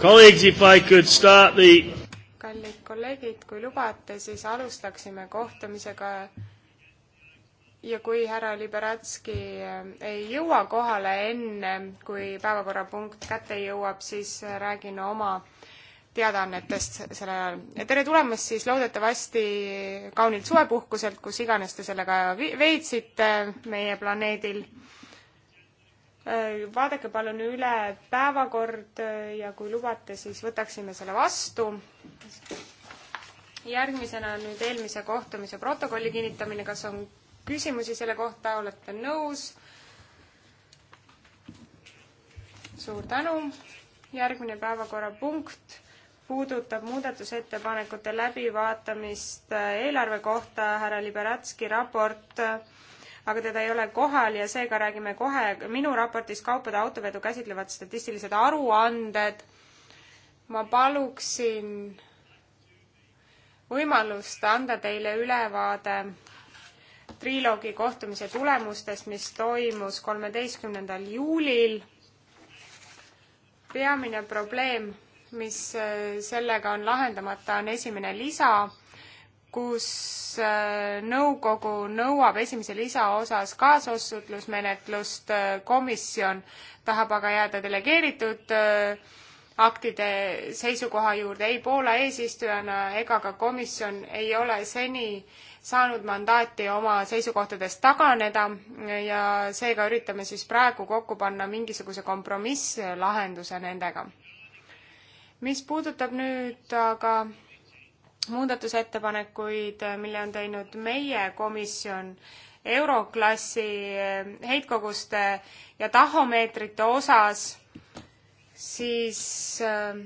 Colleagues, if I could start the kallid kolleegid, kui lubate, siis alustaksime kohtumisega ja kui härra Liberatski äh, ei jõua kohale enne, kui päevakorrapunkt kätte jõuab, siis äh, räägin oma teadaannetest sellel ajal. tere tulemast siis loodetavasti kaunilt suvepuhkuselt, kus iganes te sellega veetsite meie planeedil Äh, vaadake palun üle päevakord äh, ja kui lubate, siis võtaksime selle vastu. järgmisena nüüd eelmise kohtumise protokolli kinnitamine, kas on küsimusi selle kohta, olete nõus? suur tänu. järgmine päevakorrapunkt puudutab muudatusettepanekute läbivaatamist äh, eelarve kohta, härra Liberatski raport aga teda ei ole kohal ja seega räägime kohe minu raportis kaupade autovedu käsitlevad statistilised aruanded. ma paluksin võimalust anda teile ülevaade triloogi kohtumise tulemustest, mis toimus kolmeteistkümnendal juulil. peamine probleem, mis sellega on lahendamata, on esimene lisa kus äh, nõukogu nõuab esimese lisa osas kaasotsustusmenetlust, äh, komisjon tahab aga jääda delegeeritud äh, aktide seisukoha juurde. ei Poola eesistujana ega ka komisjon ei ole seni saanud mandaati oma seisukohtadest taganeda ja seega üritame siis praegu kokku panna mingisuguse kompromisslahenduse nendega. mis puudutab nüüd aga muudatusettepanekuid, mille on teinud meie komisjon euroklassi eh, heitkoguste ja tahomeetrite osas, siis eh,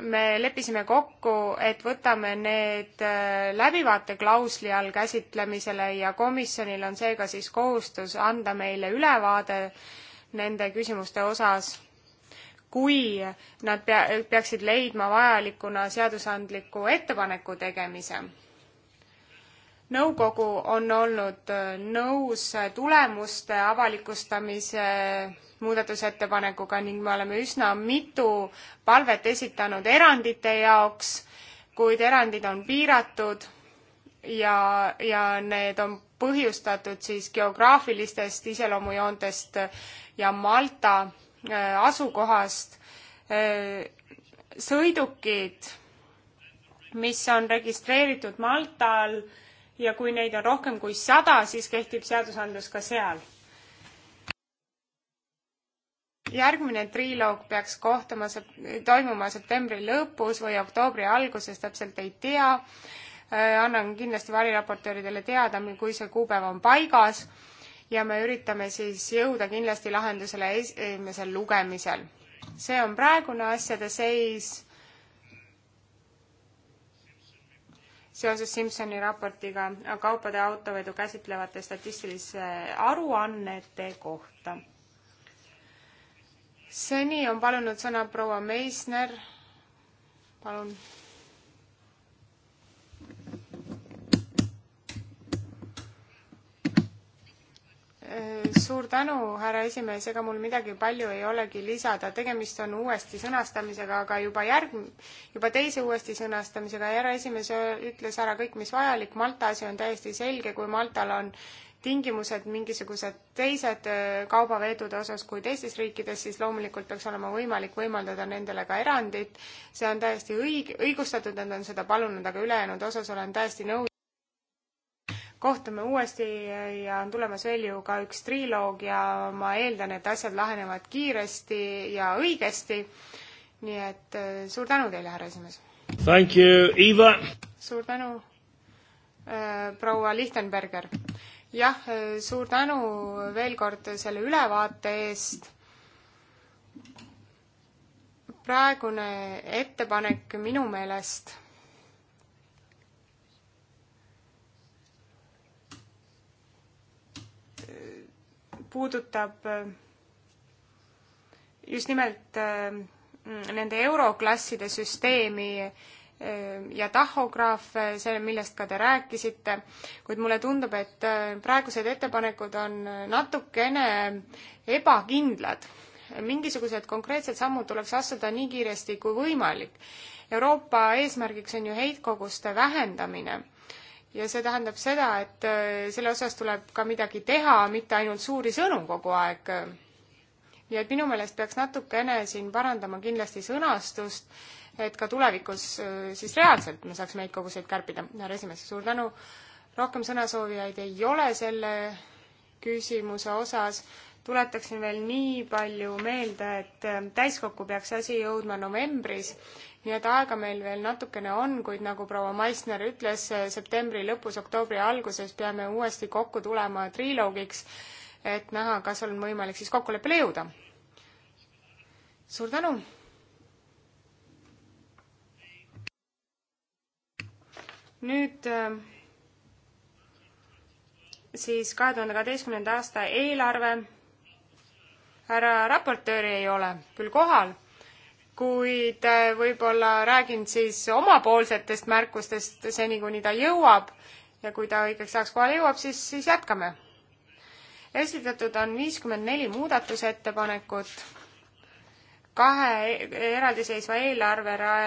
me leppisime kokku, et võtame need eh, läbivaateklausli all käsitlemisele ja komisjonil on seega siis kohustus anda meile ülevaade nende küsimuste osas kui nad pea-, peaksid leidma vajalikuna seadusandliku ettepaneku tegemise. nõukogu on olnud äh, nõus tulemuste avalikustamise muudatusettepanekuga ning me oleme üsna mitu palvet esitanud erandite jaoks, kuid erandid on piiratud ja, ja need on põhjustatud siis geograafilistest iseloomujoontest ja Malta Äh, asukohast äh, sõidukid, mis on registreeritud Maltal ja kui neid on rohkem kui sada, siis kehtib seadusandlus ka seal. järgmine triloog peaks kohtuma, toimuma septembri lõpus või oktoobri alguses, täpselt ei tea. Äh, annan kindlasti variraportööridele teada, kui see kuupäev on paigas ja me üritame siis jõuda kindlasti lahendusele esimesel lugemisel. see on praegune asjade seis seoses Simsoni raportiga kaupade autovedu käsitlevate statistilise aruannete kohta. seni on palunud sõna proua Meisner, palun Äh, suur tänu, härra esimees, ega mul midagi palju ei olegi lisada, tegemist on uuesti sõnastamisega, aga juba järg-, juba teise uuesti sõnastamisega, härra esimees ütles ära kõik, mis vajalik, Malta asi on täiesti selge, kui Maltal on tingimused mingisugused teised äh, kaubaveedude osas kui teistes riikides, siis loomulikult peaks olema võimalik võimaldada nendele ka erandit. see on täiesti õig-, õigustatud, nad on seda palunud, aga ülejäänud osas olen täiesti nõus kohtume uuesti ja on tulemas veel ju ka üks triloog ja ma eeldan, et asjad lahenevad kiiresti ja õigesti. nii et äh, suur tänu teile, härra esimees! Thank you, Eva! suur tänu, äh, proua Lichtenberger! jah, äh, suur tänu veel kord selle ülevaate eest praegune ettepanek minu meelest puudutab äh, just nimelt äh, nende euroklasside süsteemi äh, ja tahograafe, see, millest ka te rääkisite, kuid mulle tundub, et praegused ettepanekud on natukene ebakindlad. mingisugused konkreetsed sammud tuleks astuda nii kiiresti kui võimalik. Euroopa eesmärgiks on ju heitkoguste vähendamine ja see tähendab seda, et äh, selle osas tuleb ka midagi teha, mitte ainult suuri sõnu kogu aeg. nii et minu meelest peaks natukene siin parandama kindlasti sõnastust, et ka tulevikus äh, siis reaalselt me saaks neid koguseid kärpida. härra esimees, suur tänu. rohkem sõnasoovijaid ei ole selle küsimuse osas tuletaksin veel nii palju meelde, et ähm, täiskokku peaks asi jõudma novembris, nii et aega meil veel natukene on, kuid nagu proua Maisner ütles, äh, septembri lõpus, oktoobri alguses peame uuesti kokku tulema triloogiks, et näha, kas on võimalik siis kokkuleppele jõuda. suur tänu! nüüd ähm, siis kahe tuhande kaheteistkümnenda aasta eelarve härra raportööri ei ole küll kohal, kuid äh, võib-olla räägin siis omapoolsetest märkustest seni, kuni ta jõuab ja kui ta õigeks ajaks kohale jõuab, siis, siis jätkame. esitatud on viiskümmend neli muudatusettepanekut kahe eraldiseisva eelarverea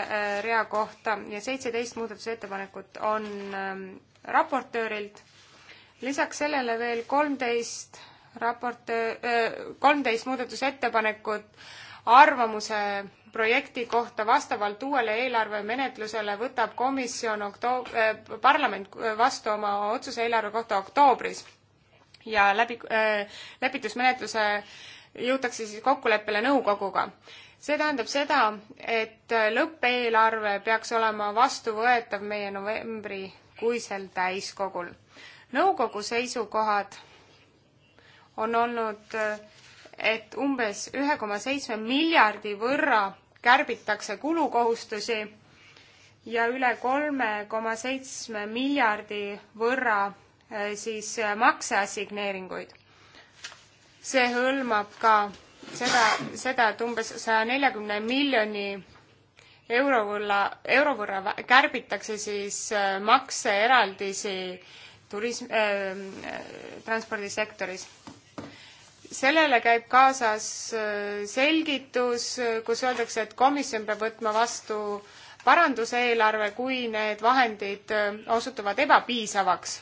äh, kohta ja seitseteist muudatusettepanekut on ähm, raportöörilt. lisaks sellele veel kolmteist 13 raport, kolmteist muudatusettepanekut arvamuse projekti kohta vastavalt uuele eelarvemenetlusele võtab komisjon okto-, eh, parlament vastu oma otsuse eelarve kohta oktoobris. ja läbi eh,, lepitusmenetluse jõutakse siis kokkuleppele nõukoguga. see tähendab seda, et lõppeelarve peaks olema vastuvõetav meie novembrikuisel täiskogul. nõukogu seisukohad on olnud, et umbes ühe koma seitsme miljardi võrra kärbitakse kulukohustusi ja üle kolme koma seitsme miljardi võrra eh, siis eh, makseassigneeringuid. see hõlmab ka seda, seda, et umbes saja neljakümne miljoni euro võrra, euro võrra kärbitakse siis eh, makseeraldisi turism äh,, transpordisektoris sellele käib kaasas äh, selgitus, äh, kus öeldakse, et komisjon peab võtma vastu paranduseelarve, kui need vahendid äh, osutuvad ebapiisavaks.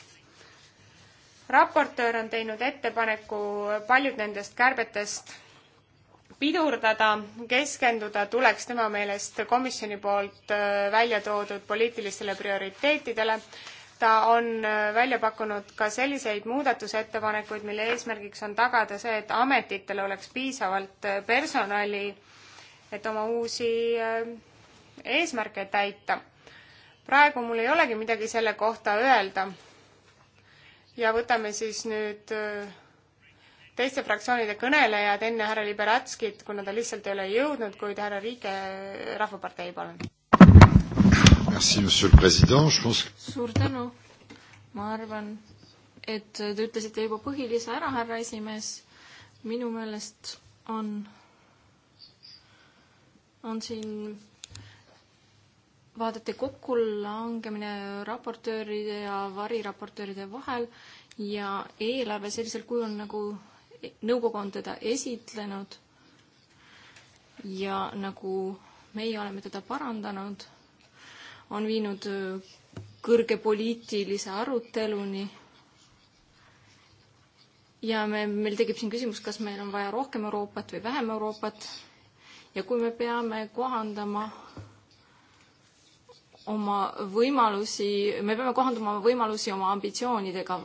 raportöör on teinud ettepaneku paljud nendest kärbetest pidurdada, keskenduda tuleks tema meelest komisjoni poolt välja toodud poliitilistele prioriteetidele ta on äh, välja pakkunud ka selliseid muudatusettepanekuid, mille eesmärgiks on tagada see, et ametitel oleks piisavalt äh, personali, et oma uusi äh, eesmärke täita. praegu mul ei olegi midagi selle kohta öelda. ja võtame siis nüüd teiste fraktsioonide kõnelejad enne härra Liberatskit, kuna ta lihtsalt ei ole jõudnud, kuid härra Riike Rahvapartei, palun Merci, monsieur le president, je pense. suur tänu, ma arvan, et te ütlesite juba põhilise ära, härra esimees. minu meelest on, on siin vaadete kokkulangemine raportööride ja variraportööride vahel ja eelarve sellisel kujul, nagu nõukogu on teda esitlenud ja nagu meie oleme teda parandanud on viinud äh, kõrge poliitilise aruteluni. ja me, meil tekib siin küsimus, kas meil on vaja rohkem Euroopat või vähem Euroopat. ja kui me peame kohandama oma võimalusi, me peame kohandama oma võimalusi oma ambitsioonidega.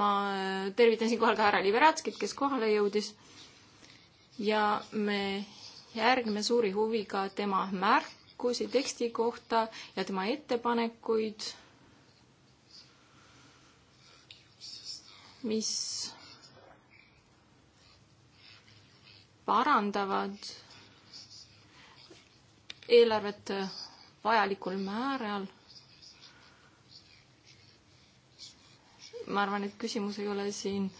ma äh, tervitan siinkohal ka härra Liberatskit, kes kohale jõudis. ja me järgime suuri huviga tema märkusi teksti kohta ja tema ettepanekuid, mis parandavad eelarvet vajalikul määral. ma arvan, et küsimus ei ole siin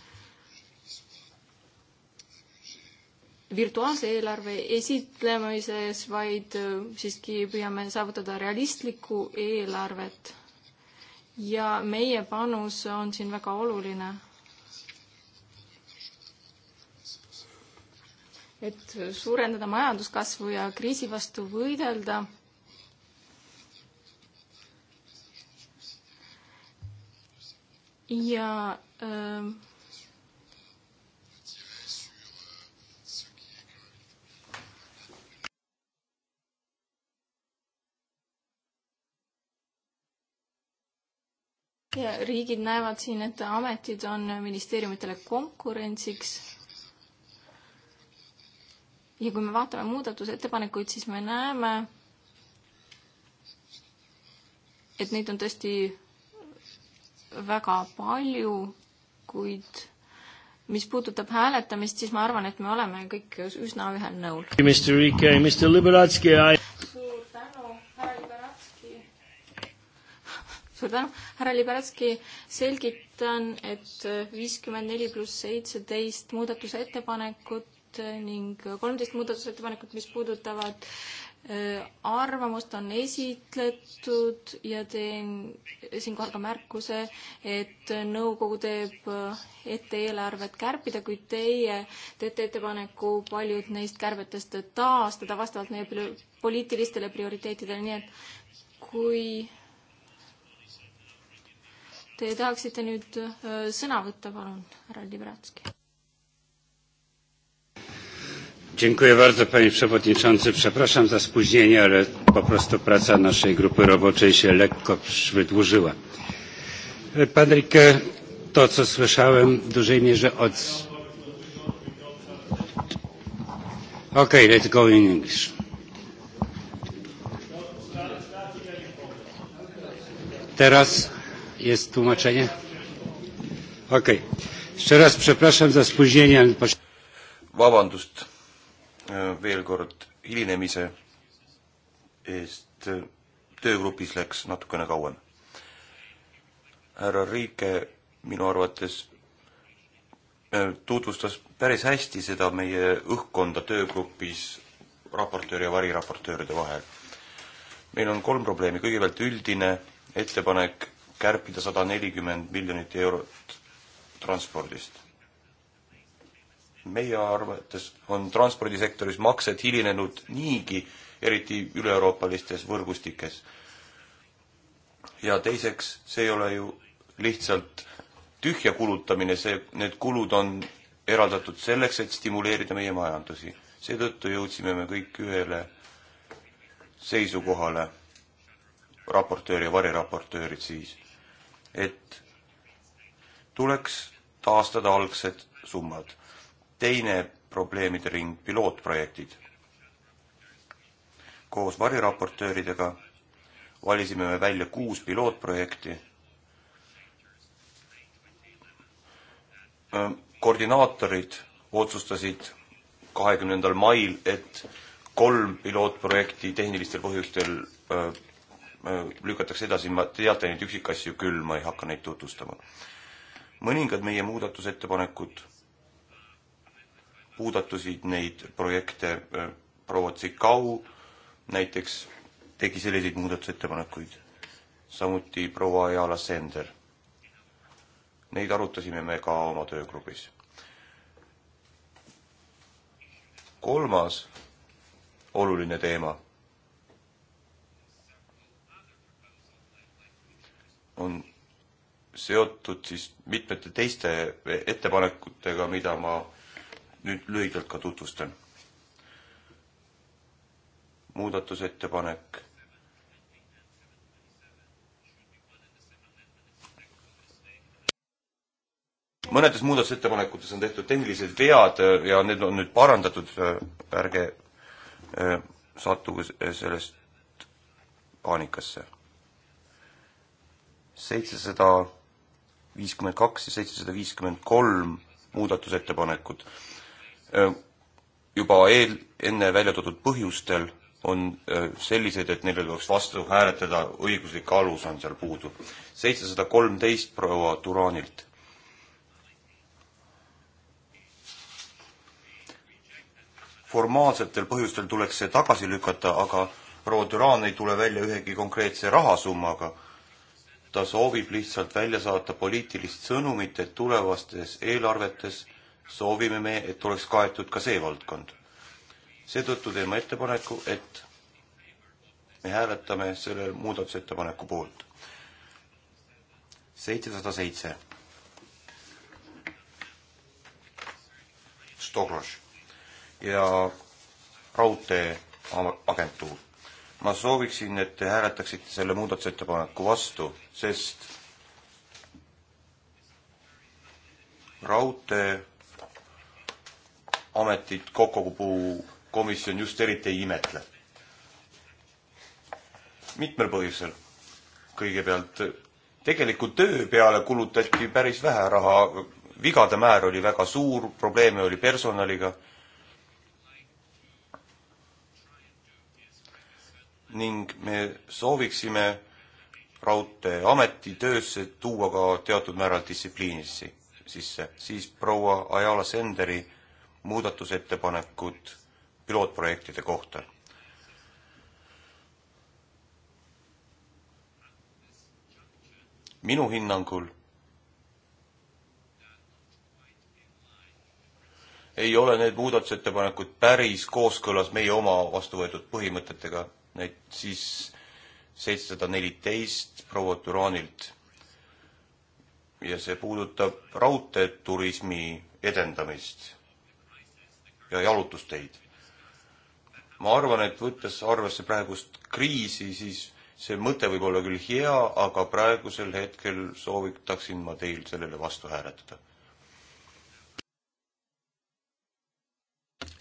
virtuaalse eelarve esitlemises, vaid äh, siiski püüame saavutada realistlikku eelarvet. ja meie panus on siin väga oluline. et suurendada majanduskasvu ja kriisi vastu võidelda ja öö, äh, ja riigid näevad siin, et ametid on ministeeriumitele konkurentsiks. ja kui me vaatame muudatusettepanekuid, siis me näeme, et neid on tõesti väga palju, kuid mis puudutab hääletamist, siis ma arvan, et me oleme kõik üsna ühel nõul. suur tänu, härra Liberatski, selgitan, et viiskümmend neli pluss seitseteist muudatusettepanekut ning kolmteist muudatusettepanekut, mis puudutavad äh, arvamust on esitletud ja teen siinkohal ka märkuse, et nõukogu teeb äh, ette eelarvet kärpida, kuid teie teete ettepaneku paljud neist kärbetest taastada vastavalt meie poliitilistele prioriteetidele, nii et kui Te tahaksite nüüd äh, sõna võtta, palun, härra Libratski. Dziękuję bardzo panie przewodniczący. Przepraszam za spóźnienie, ale po prostu praca naszej grupy roboczej się lekko wydłużyła. E, Patryk, to co słyszałem w dużej mierze od... Okay, let's go in English. Teraz Jest tłumaczenie? Okej. Okay. Jeszcze raz przepraszam za spóźnienie. Vabandust e, veel kord hilinemise eest. E, töögrupis läks natukene kauem. härra Riike minu arvates e, tutvustas päris hästi seda meie õhkkonda töögrupis raportööri ja variraportööride vahel. meil on kolm probleemi, kõigepealt üldine ettepanek kärpida sada nelikümmend miljonit eurot transpordist. meie arvates on transpordisektoris maksed hilinenud niigi, eriti üle-euroopalistes võrgustikes. ja teiseks, see ei ole ju lihtsalt tühja kulutamine, see, need kulud on eraldatud selleks, et stimuleerida meie majandusi. seetõttu jõudsime me kõik ühele seisukohale, raportöör ja variraportöörid siis et tuleks taastada algsed summad. teine probleemide ring, pilootprojektid. koos variraportööridega valisime me välja kuus pilootprojekti. koordinaatorid otsustasid kahekümnendal mail, et kolm pilootprojekti tehnilistel põhjustel Äh, lükatakse edasi, ma teate neid üksikasju küll, ma ei hakka neid tutvustama. mõningad meie muudatusettepanekud puudutasid neid projekte, äh, proua Tsikau näiteks tegi selliseid muudatusettepanekuid, samuti proua Ajala Sender. Neid arutasime me ka oma töögrupis. kolmas oluline teema on seotud siis mitmete teiste ettepanekutega, mida ma nüüd lühidalt ka tutvustan. muudatusettepanek mõnedes muudatusettepanekutes on tehtud tehnilised vead ja need on nüüd parandatud, ärge äh, sattuge sellest paanikasse seitsesada viiskümmend kaks ja seitsesada viiskümmend kolm muudatusettepanekut. juba eel, enne välja toodud põhjustel on sellised, et neile tuleks vastu hääletada, õiguslik alus on seal puudu. seitsesada kolmteist proua Turanilt. formaalsetel põhjustel tuleks see tagasi lükata, aga proua Turan ei tule välja ühegi konkreetse rahasummaga ta soovib lihtsalt välja saata poliitilist sõnumit, et tulevastes eelarvetes soovime me, et oleks kaetud ka see valdkond. seetõttu teen ma ettepaneku, et me hääletame selle muudatusettepaneku poolt. seitsesada seitse. Stokroš ja raudteeagentuur ma sooviksin, et te hääletaksite selle muudatusettepaneku vastu, sest raudteeametit Kokokupuu komisjon just eriti ei imetle. mitmel põhjusel. kõigepealt tegeliku töö peale kulutati päris vähe raha, vigade määr oli väga suur, probleeme oli personaliga ning me sooviksime raudteeameti töösse tuua ka teatud määral distsipliini sisse, siis proua Ajala Senderi muudatusettepanekud pilootprojektide kohta. minu hinnangul ei ole need muudatusettepanekud päris kooskõlas meie oma vastu võetud põhimõtetega näit-, siis seitsesada neliteist proua Türanilt. ja see puudutab raudteeturismi edendamist ja jalutusteid. ma arvan, et võttes arvesse praegust kriisi, siis see mõte võib olla küll hea, aga praegusel hetkel soovitaksin ma teil sellele vastu hääletada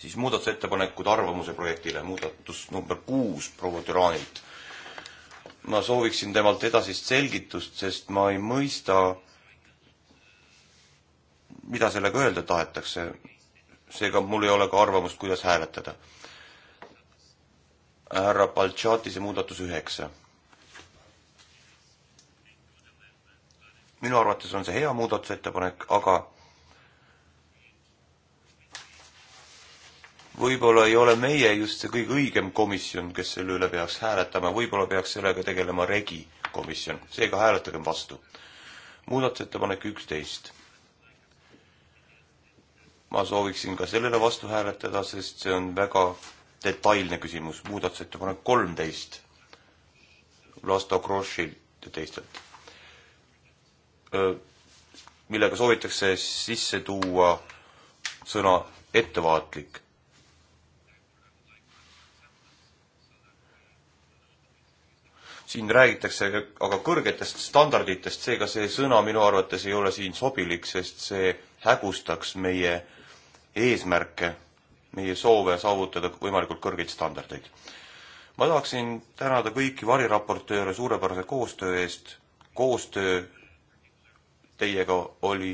siis muudatusettepanekud arvamuse projektile, muudatus number kuus proua Türanilt. ma sooviksin temalt edasist selgitust, sest ma ei mõista, mida sellega öelda tahetakse. seega mul ei ole ka arvamust, kuidas hääletada. härra Baltšatise muudatus üheksa. minu arvates on see hea muudatusettepanek, aga võib-olla ei ole meie just see kõige õigem komisjon, kes selle üle peaks hääletama, võib-olla peaks sellega tegelema regi komisjon, seega hääletagem vastu. muudatusettepanek üksteist. ma sooviksin ka sellele vastu hääletada, sest see on väga detailne küsimus, muudatusettepanek kolmteist. Vlasto Krossilt ja teistelt. millega soovitakse sisse tuua sõna ettevaatlik siin räägitakse aga kõrgetest standarditest, seega see sõna minu arvates ei ole siin sobilik, sest see hägustaks meie eesmärke, meie soove saavutada võimalikult kõrgeid standardeid. ma tahaksin tänada kõiki variraportööre suurepärase koostöö eest, koostöö teiega oli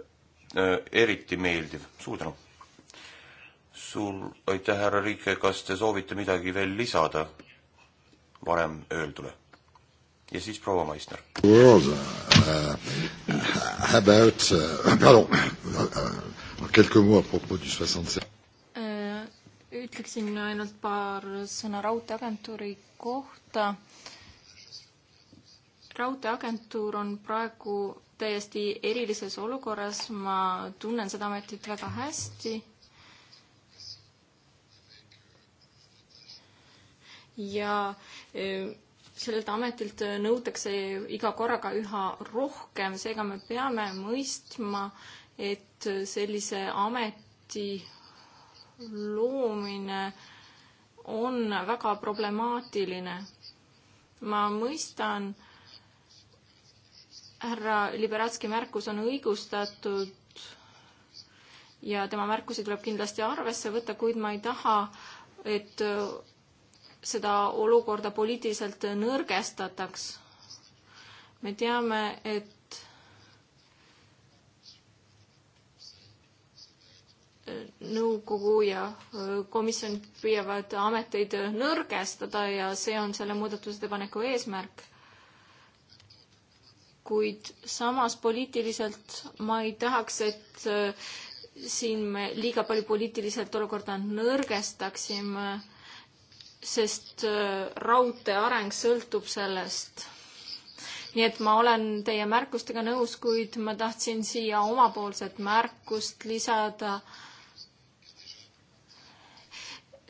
äh, eriti meeldiv, suur tänu! suur aitäh, härra Riike, kas te soovite midagi veel lisada? varem öeldule. ja siis proua Maisner. Uh, uh, about uh,, pardon uh,, quelques mots à propos du soixante-sept äh, ütleksin ainult paar sõna Raudteeagentuuri kohta. raudteeagentuur on praegu täiesti erilises olukorras, ma tunnen seda ametit väga hästi ja e, sellelt ametilt nõutakse iga korraga üha rohkem, seega me peame mõistma, et sellise ameti loomine on väga problemaatiline. ma mõistan, härra Liberatski märkus on õigustatud ja tema märkusi tuleb kindlasti arvesse võtta, kuid ma ei taha, et seda olukorda poliitiliselt nõrgestataks. me teame, et nõukogu ja äh, komisjon püüavad ameteid nõrgestada ja see on selle muudatusettepaneku eesmärk. kuid samas poliitiliselt ma ei tahaks, et äh, siin me liiga palju poliitiliselt olukorda nõrgestaksime sest äh, raudtee areng sõltub sellest. nii et ma olen teie märkustega nõus, kuid ma tahtsin siia omapoolset märkust lisada.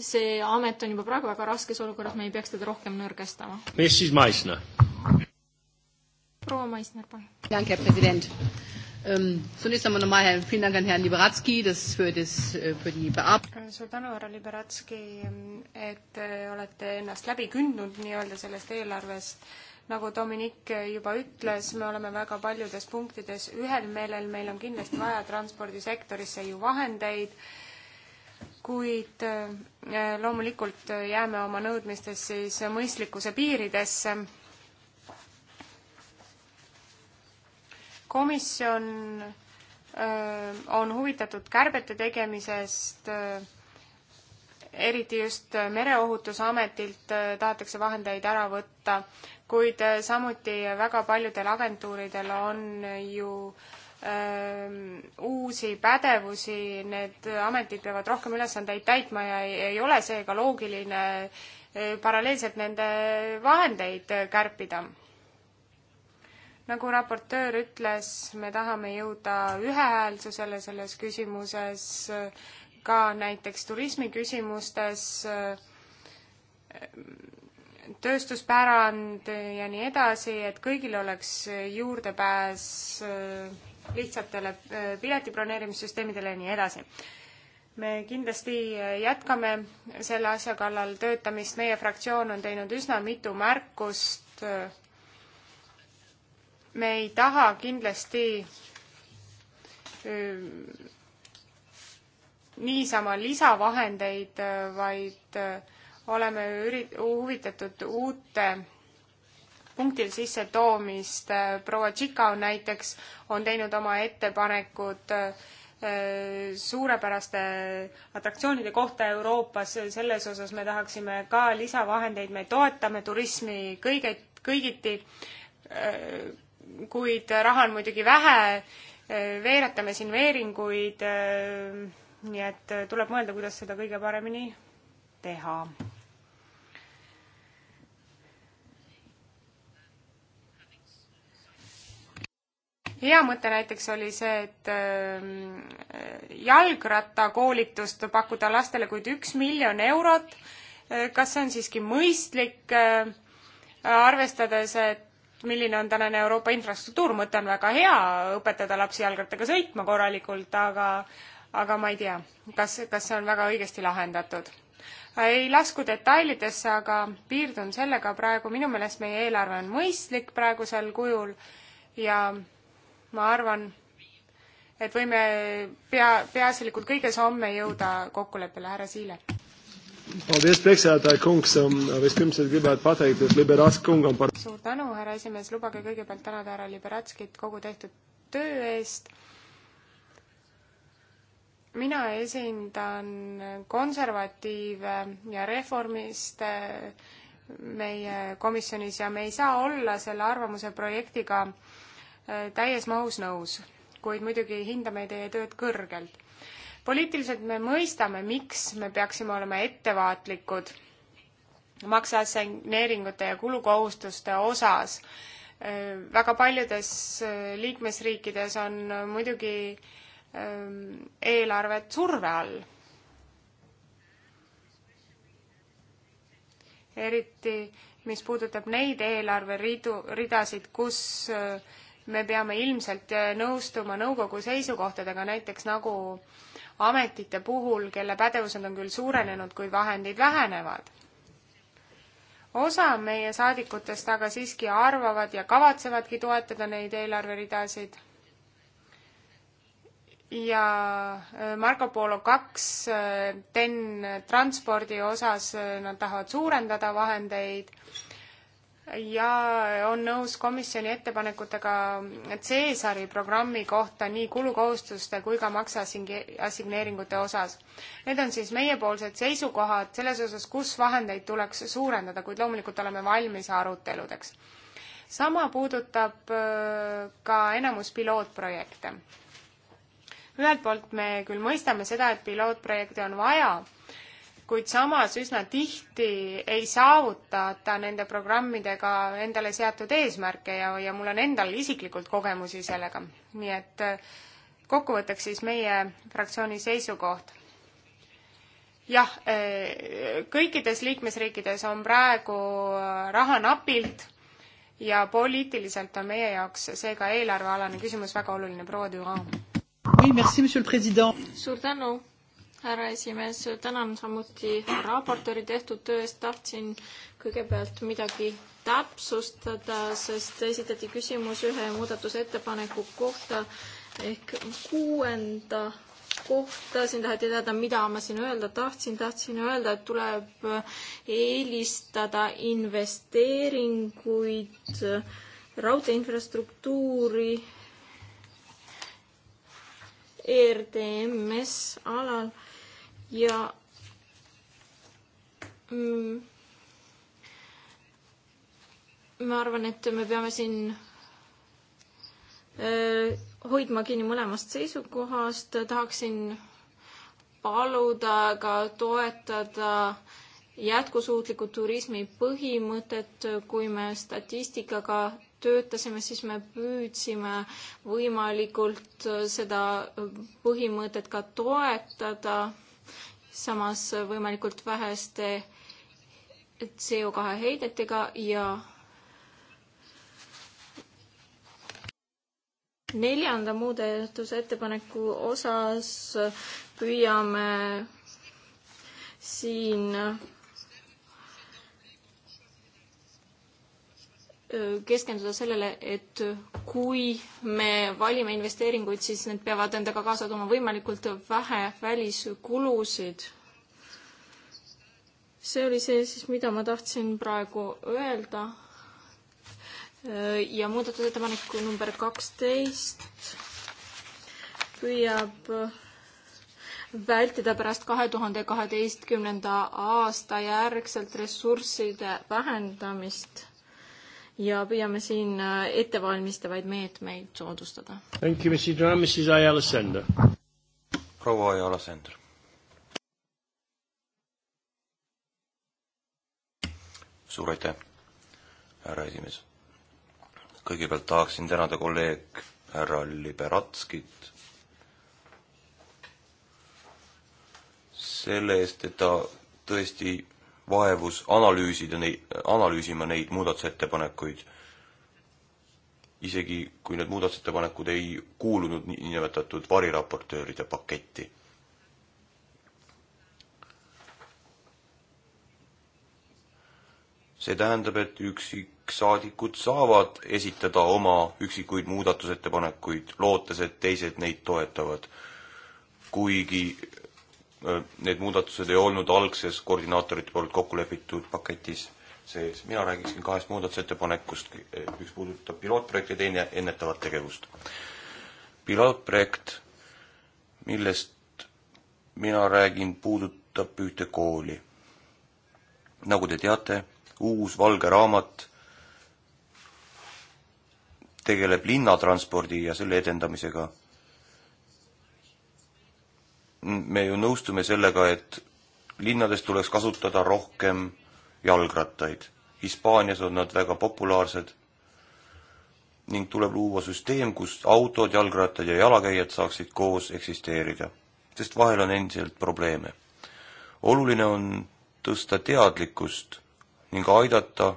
see amet on juba praegu väga raskes olukorras, me ei peaks teda rohkem nõrgestama. proua Maisner, palun. Ähm, zunächst einmal nochmal Herr, vielen Dank an Herrn Liberatski das für, das, äh, für die Bearbeitung. Äh, suur tänu, härra Liberatski, ähm, et äh, olete ennast läbi kündnud nii-öelda sellest eelarvest. nagu Dominik juba ütles, me oleme väga paljudes punktides ühel meelel, meil on kindlasti vaja transpordisektorisse ju vahendeid, kuid loomulikult jääme oma nõudmistes siis mõistlikkuse piiridesse komisjon on huvitatud kärbete tegemisest, eriti just Mereohutusametilt tahetakse vahendeid ära võtta, kuid samuti väga paljudel agentuuridel on ju uusi pädevusi, need ametid peavad rohkem ülesandeid täitma ja ei, ei ole seega loogiline paralleelselt nende vahendeid kärpida nagu raportöör ütles, me tahame jõuda ühehäälsusele selles küsimuses, ka näiteks turismiküsimustes, tööstuspärand ja nii edasi, et kõigil oleks juurdepääs lihtsatele piletibroneerimissüsteemidele ja nii edasi. me kindlasti jätkame selle asja kallal töötamist, meie fraktsioon on teinud üsna mitu märkust me ei taha kindlasti niisama lisavahendeid, vaid oleme ürit-, huvitatud uute punktide sissetoomist. proua Tšikau näiteks on teinud oma ettepanekud suurepäraste atraktsioonide kohta Euroopas, selles osas me tahaksime ka lisavahendeid, me toetame turismi kõige, kõigiti kuid raha on muidugi vähe, veeretame siin veeringuid, nii et tuleb mõelda, kuidas seda kõige paremini teha. hea mõte näiteks oli see, et ähm, jalgrattakoolitust pakkuda lastele, kuid üks miljon eurot, kas see on siiski mõistlik, äh, arvestades, et milline on tänane Euroopa infrastruktuur, mõte on väga hea, õpetada lapsi jalgrattaga sõitma korralikult, aga aga ma ei tea, kas, kas see on väga õigesti lahendatud. ei lasku detailidesse, aga piirdun sellega praegu, minu meelest meie eelarve on mõistlik praegusel kujul ja ma arvan, et võime pea, peaasjalikult kõiges homme jõuda kokkuleppele, härra Siile Paldies, priekšsēdētāji kungs. Vispirms es gribētu pateikties Liberāts kungam par. suur tänu, härra esimees, lubage kõigepealt tänada härra Liberatskit kogu tehtud töö eest. mina esindan konservatiive ja reformiste meie komisjonis ja me ei saa olla selle arvamuse projektiga äh, täies mahus nõus, kuid muidugi hindame teie tööd kõrgelt poliitiliselt me mõistame, miks me peaksime olema ettevaatlikud makseassigneeringute ja kulukohustuste osas. väga paljudes liikmesriikides on muidugi ähm, eelarved surve all. eriti, mis puudutab neid eelarveridu, ridasid, kus äh, me peame ilmselt äh, nõustuma nõukogu seisukohtadega, näiteks nagu äh, ametite puhul, kelle pädevused on küll suurenenud, kuid vahendid vähenevad. osa meie saadikutest aga siiski arvavad ja kavatsevadki toetada neid eelarveridasid ja äh, Marco Polo kaks äh, TEN transpordi osas äh, nad tahavad suurendada vahendeid ja on nõus komisjoni ettepanekutega Cäsari programmi kohta nii kulukohustuste kui ka makseassigneeringute osas. Need on siis meiepoolsed seisukohad selles osas, kus vahendeid tuleks suurendada, kuid loomulikult oleme valmis aruteludeks. sama puudutab äh, ka enamus pilootprojekte. ühelt poolt me küll mõistame seda, et pilootprojekte on vaja kuid samas üsna tihti ei saavutata nende programmidega endale seatud eesmärke ja, ja mul on endal isiklikult kogemusi sellega. nii et eh, kokkuvõtteks siis meie fraktsiooni seisukoht. jah, eh, kõikides liikmesriikides on praegu eh, raha napilt ja poliitiliselt on meie jaoks seega eelarvealane küsimus väga oluline. proua Düran. suur tänu härra esimees, tänan samuti raportööri tehtud töö eest, tahtsin kõigepealt midagi täpsustada, sest esitati küsimus ühe muudatusettepaneku kohta ehk kuuenda kohta, siin taheti teada, mida ma siin öelda tahtsin, tahtsin öelda, et tuleb eelistada investeeringuid raudteeinfrastruktuuri ERTMS alal ja mm, ma arvan, et me peame siin öö, äh, hoidma kinni mõlemast seisukohast, tahaksin paluda ka toetada jätkusuutliku turismi põhimõtet, kui me statistikaga töötasime, siis me püüdsime võimalikult seda põhimõtet ka toetada samas võimalikult väheste CO2 heidetega ja neljanda muudatusettepaneku osas püüame siin äh, keskenduda sellele, et kui me valime investeeringuid, siis need peavad endaga kaasa tooma võimalikult vähe väliskulusid. see oli see siis, mida ma tahtsin praegu öelda. Äh, ja muudatusettepanek number kaksteist püüab vältida pärast kahe tuhande kaheteistkümnenda aasta järgselt ressursside vähendamist ja püüame siin äh, ettevalmistavaid meetmeid soodustada. Thank you, Mrs Duran, Mrs Ayala Sender. proua Ayala Sender. suur aitäh, härra esimees. kõigepealt tahaksin tänada kolleeg härra Liberatskit selle eest, et ta tõesti vaevus analüüsida neid, analüüsima neid muudatusettepanekuid. isegi kui need muudatusettepanekud ei kuulunud niinimetatud variraportööride paketti. see tähendab, et üksiksaadikud saavad esitada oma üksikuid muudatusettepanekuid, lootes, et teised neid toetavad. kuigi Äh, need muudatused ei olnud algses koordinaatorite poolt kokku lepitud paketis sees. mina räägiksin kahest muudatusettepanekust, üks puudutab pilootprojekti, teine ennetavat tegevust. pilootprojekt, millest mina räägin, puudutab ühte kooli. nagu te teate, uus valge raamat tegeleb linnatranspordi ja selle edendamisega me ju nõustume sellega, et linnades tuleks kasutada rohkem jalgrattaid. Hispaanias on nad väga populaarsed ning tuleb luua süsteem, kus autod, jalgrattad ja jalakäijad saaksid koos eksisteerida, sest vahel on endiselt probleeme. oluline on tõsta teadlikkust ning aidata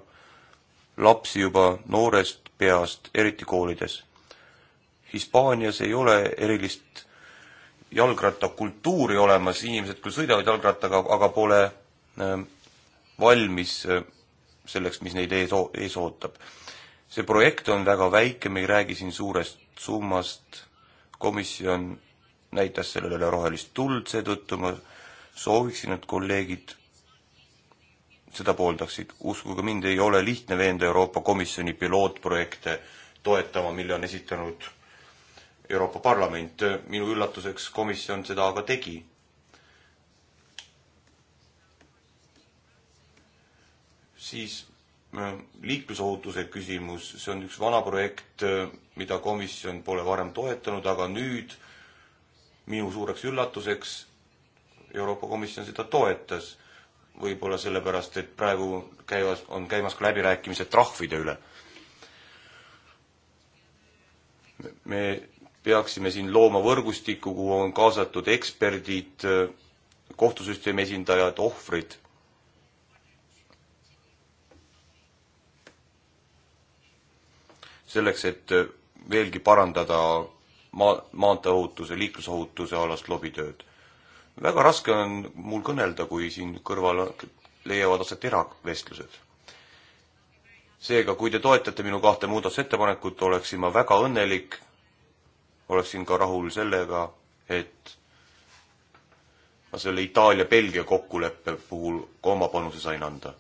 lapsi juba noorest peast, eriti koolides. Hispaanias ei ole erilist jalgrattakultuuri olemas, inimesed küll sõidavad jalgrattaga, aga pole ähm, valmis äh, selleks, mis neid ees, ees ootab. see projekt on väga väike, me ei räägi siin suurest summast, komisjon näitas sellele rohelist tuld, seetõttu ma sooviksin, et kolleegid seda pooldaksid. uskuge mind, ei ole lihtne veenda Euroopa Komisjoni pilootprojekte toetama, mille on esitanud Euroopa Parlament, minu üllatuseks komisjon seda aga tegi. siis äh, liiklusohutuse küsimus, see on üks vana projekt, äh, mida komisjon pole varem toetanud, aga nüüd minu suureks üllatuseks Euroopa Komisjon seda toetas. võib-olla sellepärast, et praegu käivas, on käimas ka läbirääkimised trahvide üle. me peaksime siin looma võrgustiku, kuhu on kaasatud eksperdid, kohtusüsteemi esindajad, ohvrid. selleks, et veelgi parandada maa, maanteeohutuse, liiklusohutuse alast lobitööd. väga raske on mul kõnelda, kui siin kõrval leiavad aset eravestlused seega, kui te toetate minu kahte muudatusettepanekut, oleksin ma väga õnnelik oleksin ka rahul sellega, et ma selle Itaalia-Belgia kokkuleppe puhul ka oma panuse sain anda.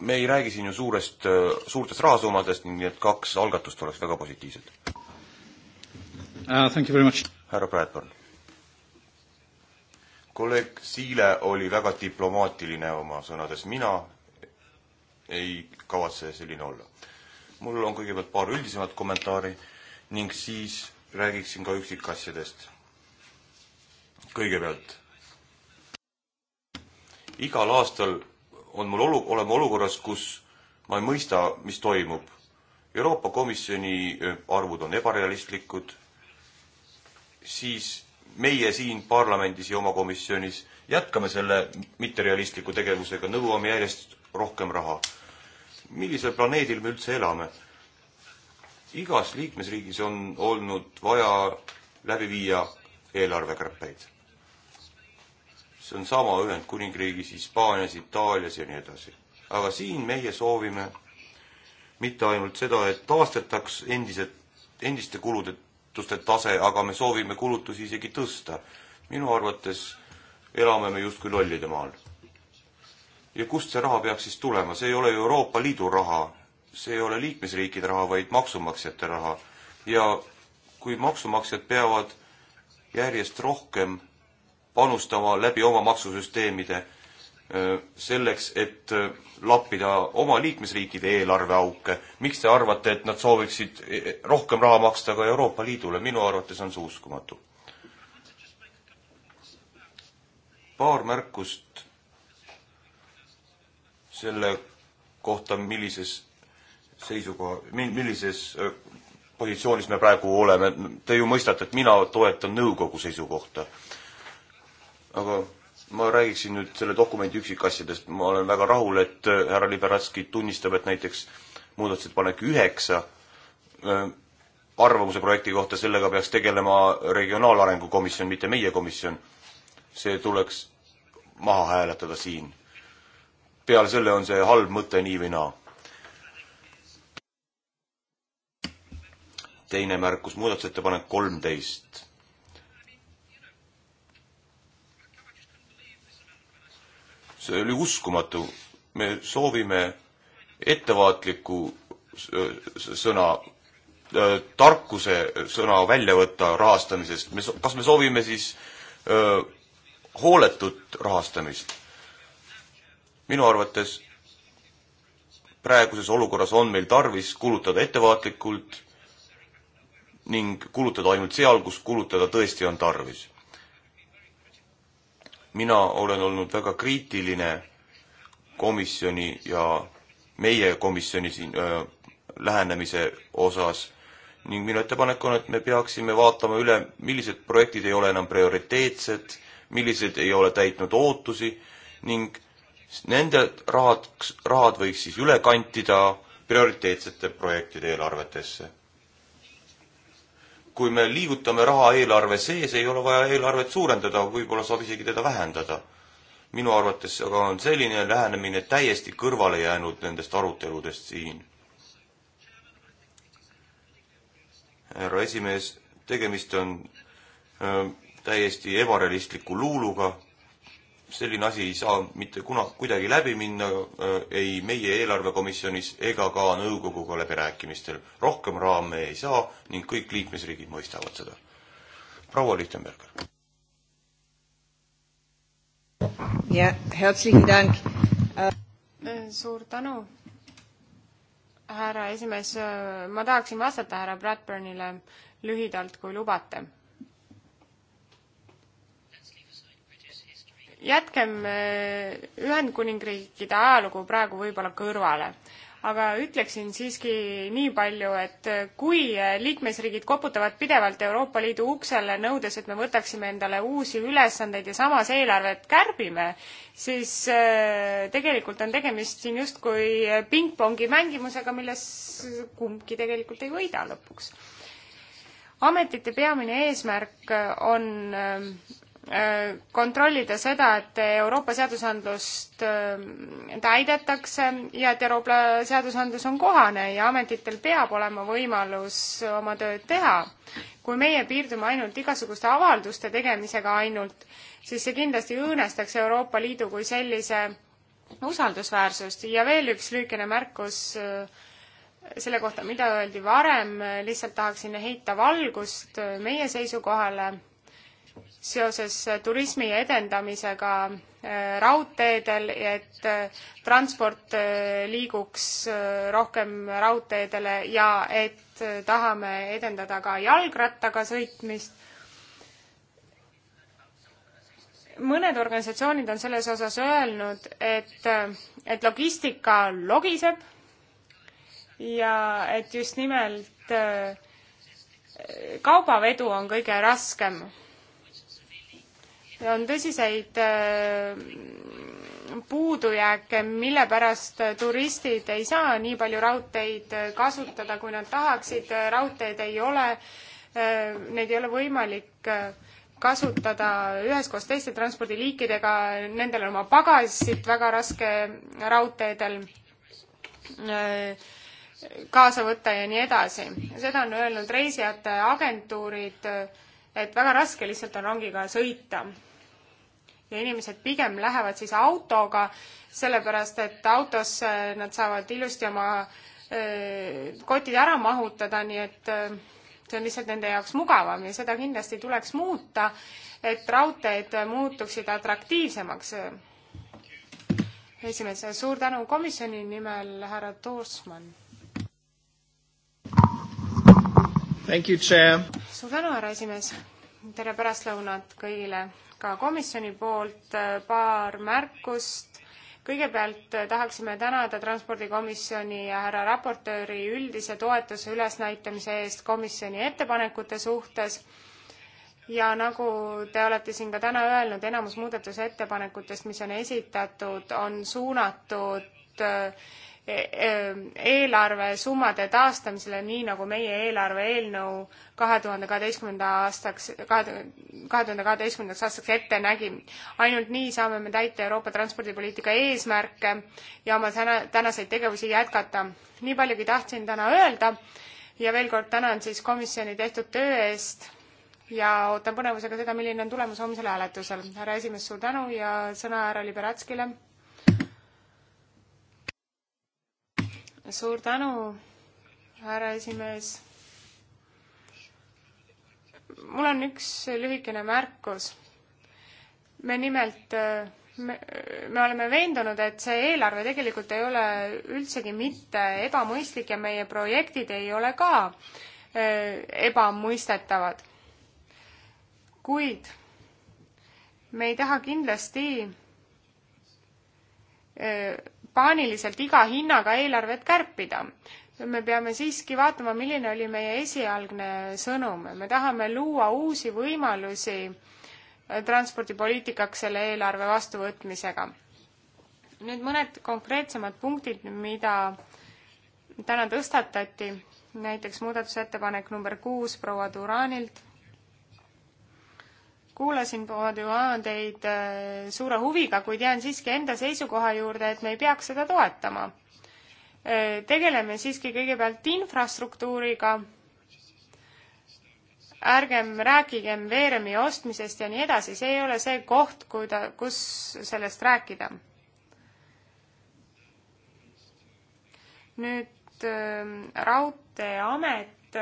me ei räägi siin ju suurest, suurtest rahasummadest, nii et kaks algatust oleks väga positiivsed uh,. härra Bradburn. kolleeg Siile oli väga diplomaatiline oma sõnades, mina ei kavatse selline olla mul on kõigepealt paar üldisemat kommentaari ning siis räägiksin ka üksikasjadest. kõigepealt, igal aastal on mul olu-, oleme olukorras, kus ma ei mõista, mis toimub. Euroopa Komisjoni arvud on ebarealistlikud, siis meie siin parlamendis ja oma komisjonis jätkame selle mitterealistliku tegevusega, nõuame järjest rohkem raha millisel planeedil me üldse elame? igas liikmesriigis on olnud vaja läbi viia eelarvekärpeid. see on sama Ühendkuningriigis, Hispaanias, Itaalias ja nii edasi. aga siin meie soovime mitte ainult seda, et taastetaks endised, endiste kulutuste tase, aga me soovime kulutusi isegi tõsta. minu arvates elame me justkui lollide maal ja kust see raha peaks siis tulema, see ei ole ju Euroopa Liidu raha, see ei ole liikmesriikide raha, vaid maksumaksjate raha. ja kui maksumaksjad peavad järjest rohkem panustama läbi oma maksusüsteemide selleks, et lappida oma liikmesriikide eelarveauke. miks te arvate, et nad sooviksid e, e, rohkem raha maksta ka Euroopa Liidule, minu arvates on see uskumatu. paar märkust selle kohta, millises seisukoha, millises äh, positsioonis me praegu oleme, te ju mõistate, et mina toetan nõukogu seisukohta. aga ma räägiksin nüüd selle dokumendi üksikasjadest, ma olen väga rahul, et äh, härra Liberatski tunnistab, et näiteks muudatusettepanek üheksa äh, arvamuse projekti kohta, sellega peaks tegelema Regionaalarengu Komisjon, mitte meie komisjon. see tuleks maha hääletada siin peale selle on see halb mõte nii või naa. teine märkus, muudatusettepanek kolmteist. see oli uskumatu, me soovime ettevaatlikku sõna, äh, tarkuse sõna välja võtta rahastamisest, me, kas me soovime siis öö, äh, hooletut rahastamist? minu arvates praeguses olukorras on meil tarvis kulutada ettevaatlikult ning kulutada ainult seal, kus kulutada tõesti on tarvis. mina olen olnud väga kriitiline komisjoni ja meie komisjoni siin öö, lähenemise osas ning minu ettepanek on, et me peaksime vaatama üle, millised projektid ei ole enam prioriteetsed, millised ei ole täitnud ootusi ning Nende rahad, rahad võiks siis üle kantida prioriteetsete projektide eelarvetesse. kui me liigutame raha eelarve sees, ei ole vaja eelarvet suurendada, võib-olla saab isegi teda vähendada. minu arvates aga on selline lähenemine täiesti kõrvale jäänud nendest aruteludest siin. härra esimees, tegemist on öö, äh, täiesti ebarealistliku luuluga selline asi ei saa mitte kuna-, kuidagi läbi minna äh, ei meie eelarvekomisjonis ega ka nõukoguga läbirääkimistel. rohkem raame ei saa ning kõik liikmesriigid mõistavad seda. proua Lichtenberger. jah, herzlichen Dank. Äh, suur tänu, härra esimees. Äh, ma tahaksin vastata härra Bradburnile lühidalt, kui lubate jätkem äh, Ühendkuningriikide ajalugu praegu võib-olla kõrvale, aga ütleksin siiski nii palju, et äh, kui äh, liikmesriigid koputavad pidevalt Euroopa Liidu uksele, nõudes, et me võtaksime endale uusi ülesandeid ja samas eelarvet kärbime, siis tegelikult on tegemist siin justkui pingpongi mängimusega, milles kumbki tegelikult ei võida lõpuks ametite peamine eesmärk on Äh, kontrollida seda, et Euroopa seadusandlust äh, täidetakse ja et Euroopa seadusandlus on kohane ja ametitel peab olema võimalus oma tööd teha. kui meie piirdume ainult igasuguste avalduste tegemisega ainult, siis see kindlasti õõnestaks Euroopa Liidu kui sellise usaldusväärsust ja veel üks lühikene märkus äh, selle kohta, mida öeldi varem, lihtsalt tahaksin heita valgust meie seisukohale seoses turismi edendamisega äh, raudteedel, et äh, transport äh, liiguks rohkem raudteedele ja et tahame edendada ka jalgrattaga sõitmist. mõned organisatsioonid on selles osas öelnud, et, et logistika logiseb ja et just nimelt kaubavedu on kõige raskem on tõsiseid äh, puudujääke, mille pärast turistid ei saa nii palju raudteid äh, kasutada, kui nad tahaksid, raudteed ei ole, äh, neid ei ole võimalik kasutada üheskoos teiste transpordiliikidega, nendel on oma pagasit väga raske raudteedel kaasa võtta ja nii edasi. seda on öelnud reisijate agentuurid, et väga raske lihtsalt on rongiga sõita ja inimesed pigem lähevad siis autoga, sellepärast et autos nad saavad ilusti oma kotid ära mahutada, nii et see on lihtsalt nende jaoks mugavam ja seda kindlasti tuleks muuta, et raudteed muutuksid atraktiivsemaks. esimees, suur tänu komisjoni nimel, härra Toorsmann. suur tänu, härra esimees. tere pärastlõunat kõigile ka komisjoni poolt äh, paar märkust. kõigepealt äh, tahaksime tänada Transpordikomisjoni ja härra raportööri üldise toetuse ülesnäitamise eest komisjoni ettepanekute suhtes ja nagu te olete siin ka täna öelnud, enamus muudatusettepanekutest, mis on esitatud, on suunatud äh, E, e, eelarvesummade taastamisele, nii nagu meie eelarve eelnõu kahe tuhande kaheteistkümnenda aastaks, kahe, kahe tuhande kaheteistkümnendaks aastaks ette nägi. ainult nii saame me täita Euroopa transpordipoliitika eesmärke ja oma täna, tänaseid tegevusi jätkata. nii paljugi tahtsin täna öelda ja veel kord tänan siis komisjoni tehtud töö eest ja ootan põnevusega seda, milline on tulemus homsel hääletusel. härra esimees, suur tänu ja sõna härra Liberatskile suur tänu, härra esimees. mul on üks lühikene märkus. me nimelt, me, me oleme veendunud, et see eelarve tegelikult ei ole üldsegi mitte ebamõistlik ja meie projektid ei ole ka äh, ebamõistetavad. kuid me ei taha kindlasti äh, paaniliselt iga hinnaga eelarvet kärpida. me peame siiski vaatama, milline oli meie esialgne sõnum. me tahame luua uusi võimalusi transpordipoliitikaks selle eelarve vastuvõtmisega. nüüd mõned konkreetsemad punktid, mida täna tõstatati, näiteks muudatusettepanek number kuus proua Duranilt kuulasin teid äh, suure huviga, kuid jään siiski enda seisukoha juurde, et me ei peaks seda toetama. Äh, tegeleme siiski kõigepealt infrastruktuuriga, ärgem rääkigem veeremi ostmisest ja nii edasi, see ei ole see koht, kuida-, kus sellest rääkida. nüüd äh, raudteeamet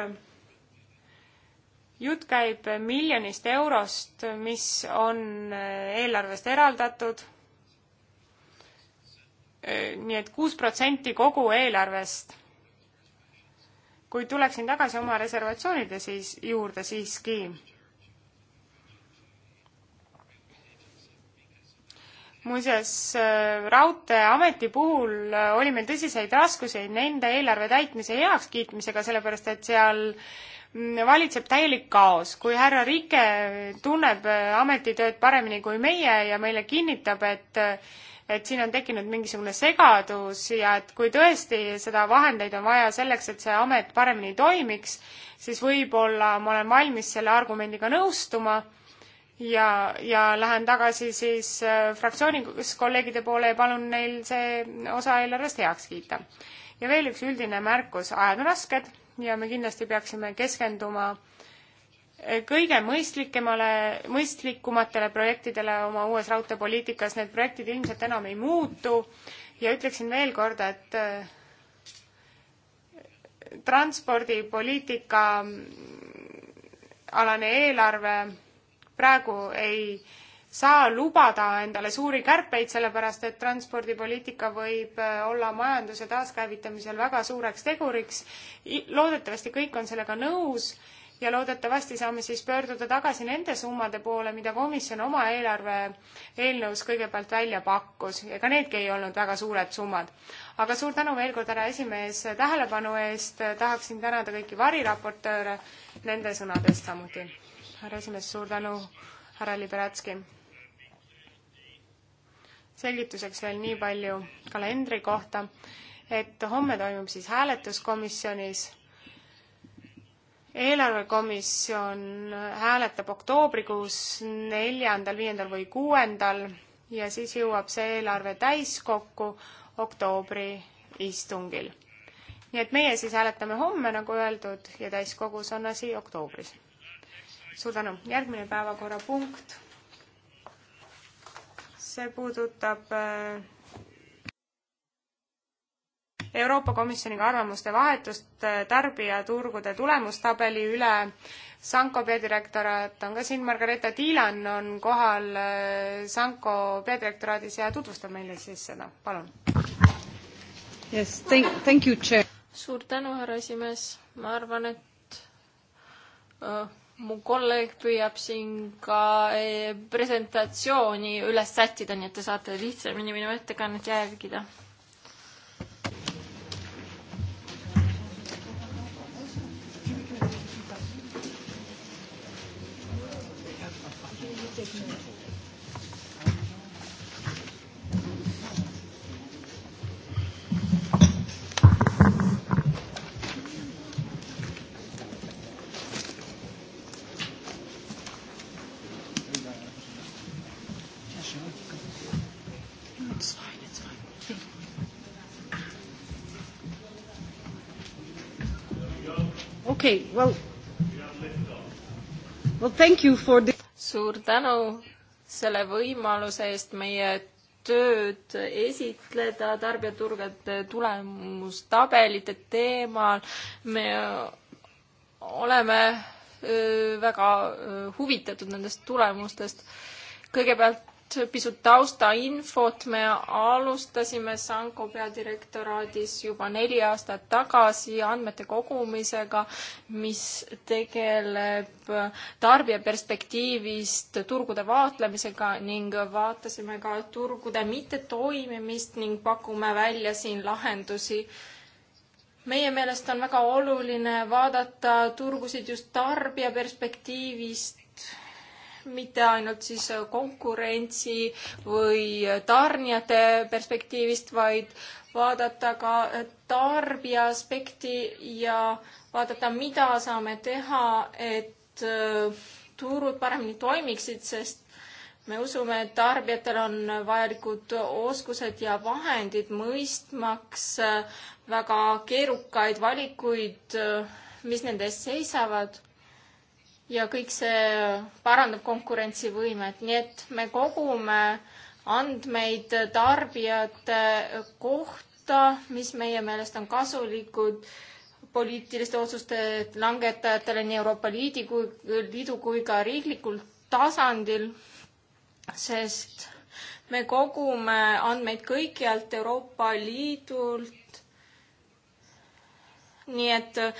jutt käib miljonist eurost, mis on eh, eelarvest eraldatud. Eh, nii et kuus protsenti kogu eelarvest. kuid tuleksin tagasi oma reservatsioonide siis juurde siiski. muuseas, eh, Raudteeameti puhul oli meil tõsiseid raskusi nende eelarve täitmise heakskiitmisega, sellepärast et seal äh, valitseb täielik kaos. kui härra Rike tunneb äh, ametitööd paremini kui meie ja meile kinnitab, et äh, et siin on tekkinud mingisugune segadus ja et kui tõesti seda vahendeid on vaja selleks, et see amet paremini toimiks, siis võib-olla ma olen valmis selle argumendiga nõustuma ja, ja lähen tagasi siis äh, fraktsioonis kolleegide poole ja palun neil see osa eelarvest heaks kiita. ja veel üks üldine märkus, ajad on rasked ja me kindlasti peaksime keskenduma kõige mõistlikemale, mõistlikumatele projektidele oma uues raudteepoliitikas, need projektid ilmselt enam ei muutu ja ütleksin veel kord, et äh, transpordipoliitika mm, alane eelarve praegu ei äh, saa lubada endale suuri kärpeid, sellepärast et transpordipoliitika võib äh, olla majanduse taaskäivitamisel väga suureks teguriks. loodetavasti kõik on sellega nõus ja loodetavasti saame siis pöörduda tagasi nende summade poole, mida komisjon oma eelarve eelnõus kõigepealt välja pakkus. ega needki ei olnud väga suured summad. aga suur tänu veel kord, härra esimees, tähelepanu eest. tahaksin tänada kõiki variraportööre nende sõnade eest samuti. härra esimees, suur tänu, härra Liberatski selgituseks veel nii palju kalendri kohta, et homme toimub siis hääletuskomisjonis. eelarvekomisjon hääletab oktoobrikuus neljandal, viiendal või kuuendal ja siis jõuab see eelarve täiskokku oktoobri istungil. nii et meie siis hääletame homme, nagu öeldud, ja täiskogus on asi oktoobris. suur tänu, järgmine päevakorrapunkt see puudutab äh, Euroopa Komisjoniga arvamuste vahetust äh, tarbijaturgude tulemustabeli üle. Sanko peadirektoraat on ka siin, Margareeta Tiilan on kohal äh, Sanko peadirektoraadis ja tutvustab meile siis seda, palun. Yes, thank, thank you, chair. suur tänu, härra esimees, ma arvan, et uh, mu kolleeg püüab siin ka eh, presentatsiooni üles sättida, nii et te saate lihtsamini minu ettekannet jälgida suur tänu selle võimaluse eest meie tööd esitleda tarbijaturgade tulemustabelite teemal. me oleme väga huvitatud nendest tulemustest. kõigepealt pisut taustainfot, me alustasime Sanko peadirektoraadis juba neli aastat tagasi andmete kogumisega, mis tegeleb tarbija perspektiivist turgude vaatlemisega ning vaatasime ka turgude mittetoimimist ning pakume välja siin lahendusi meie meelest on väga oluline vaadata turgusid just tarbija perspektiivist mitte ainult siis konkurentsi või tarnijate perspektiivist, vaid vaadata ka tarbija aspekti ja vaadata, mida saame teha, et äh, turud paremini toimiksid, sest me usume, et tarbijatel on vajalikud oskused ja vahendid mõistmaks äh, väga keerukaid valikuid, äh, mis nende ees seisavad ja kõik see parandab konkurentsivõimet, nii et me kogume andmeid tarbijate kohta, mis meie meelest on kasulikud poliitiliste otsuste langetajatele nii Euroopa Liidu kui, Liidu kui ka riiklikul tasandil, sest me kogume andmeid kõikjalt Euroopa Liidult nii et äh,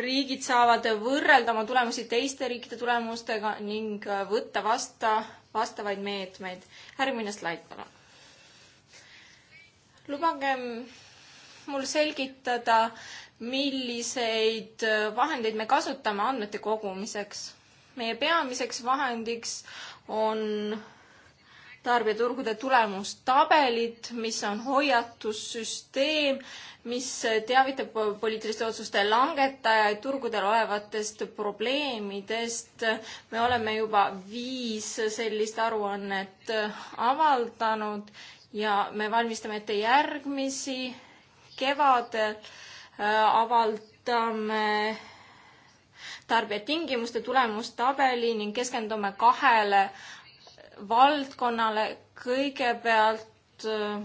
riigid saavad võrrelda oma tulemusi teiste riikide tulemustega ning äh, võtta vasta, vastavaid meetmeid. järgmine slaid, palun. lubage mul selgitada, milliseid äh, vahendeid me kasutame andmete kogumiseks. meie peamiseks vahendiks on tarbijaturgude tulemustabelid, mis on hoiatussüsteem, mis teavitab poliitiliste otsuste langetajaid turgudel olevatest probleemidest. me oleme juba viis sellist aruannet avaldanud ja me valmistame ette järgmisi. kevadel äh, avaldame tarbijatingimuste tulemustabeli ning keskendume kahele valdkonnale kõigepealt äh,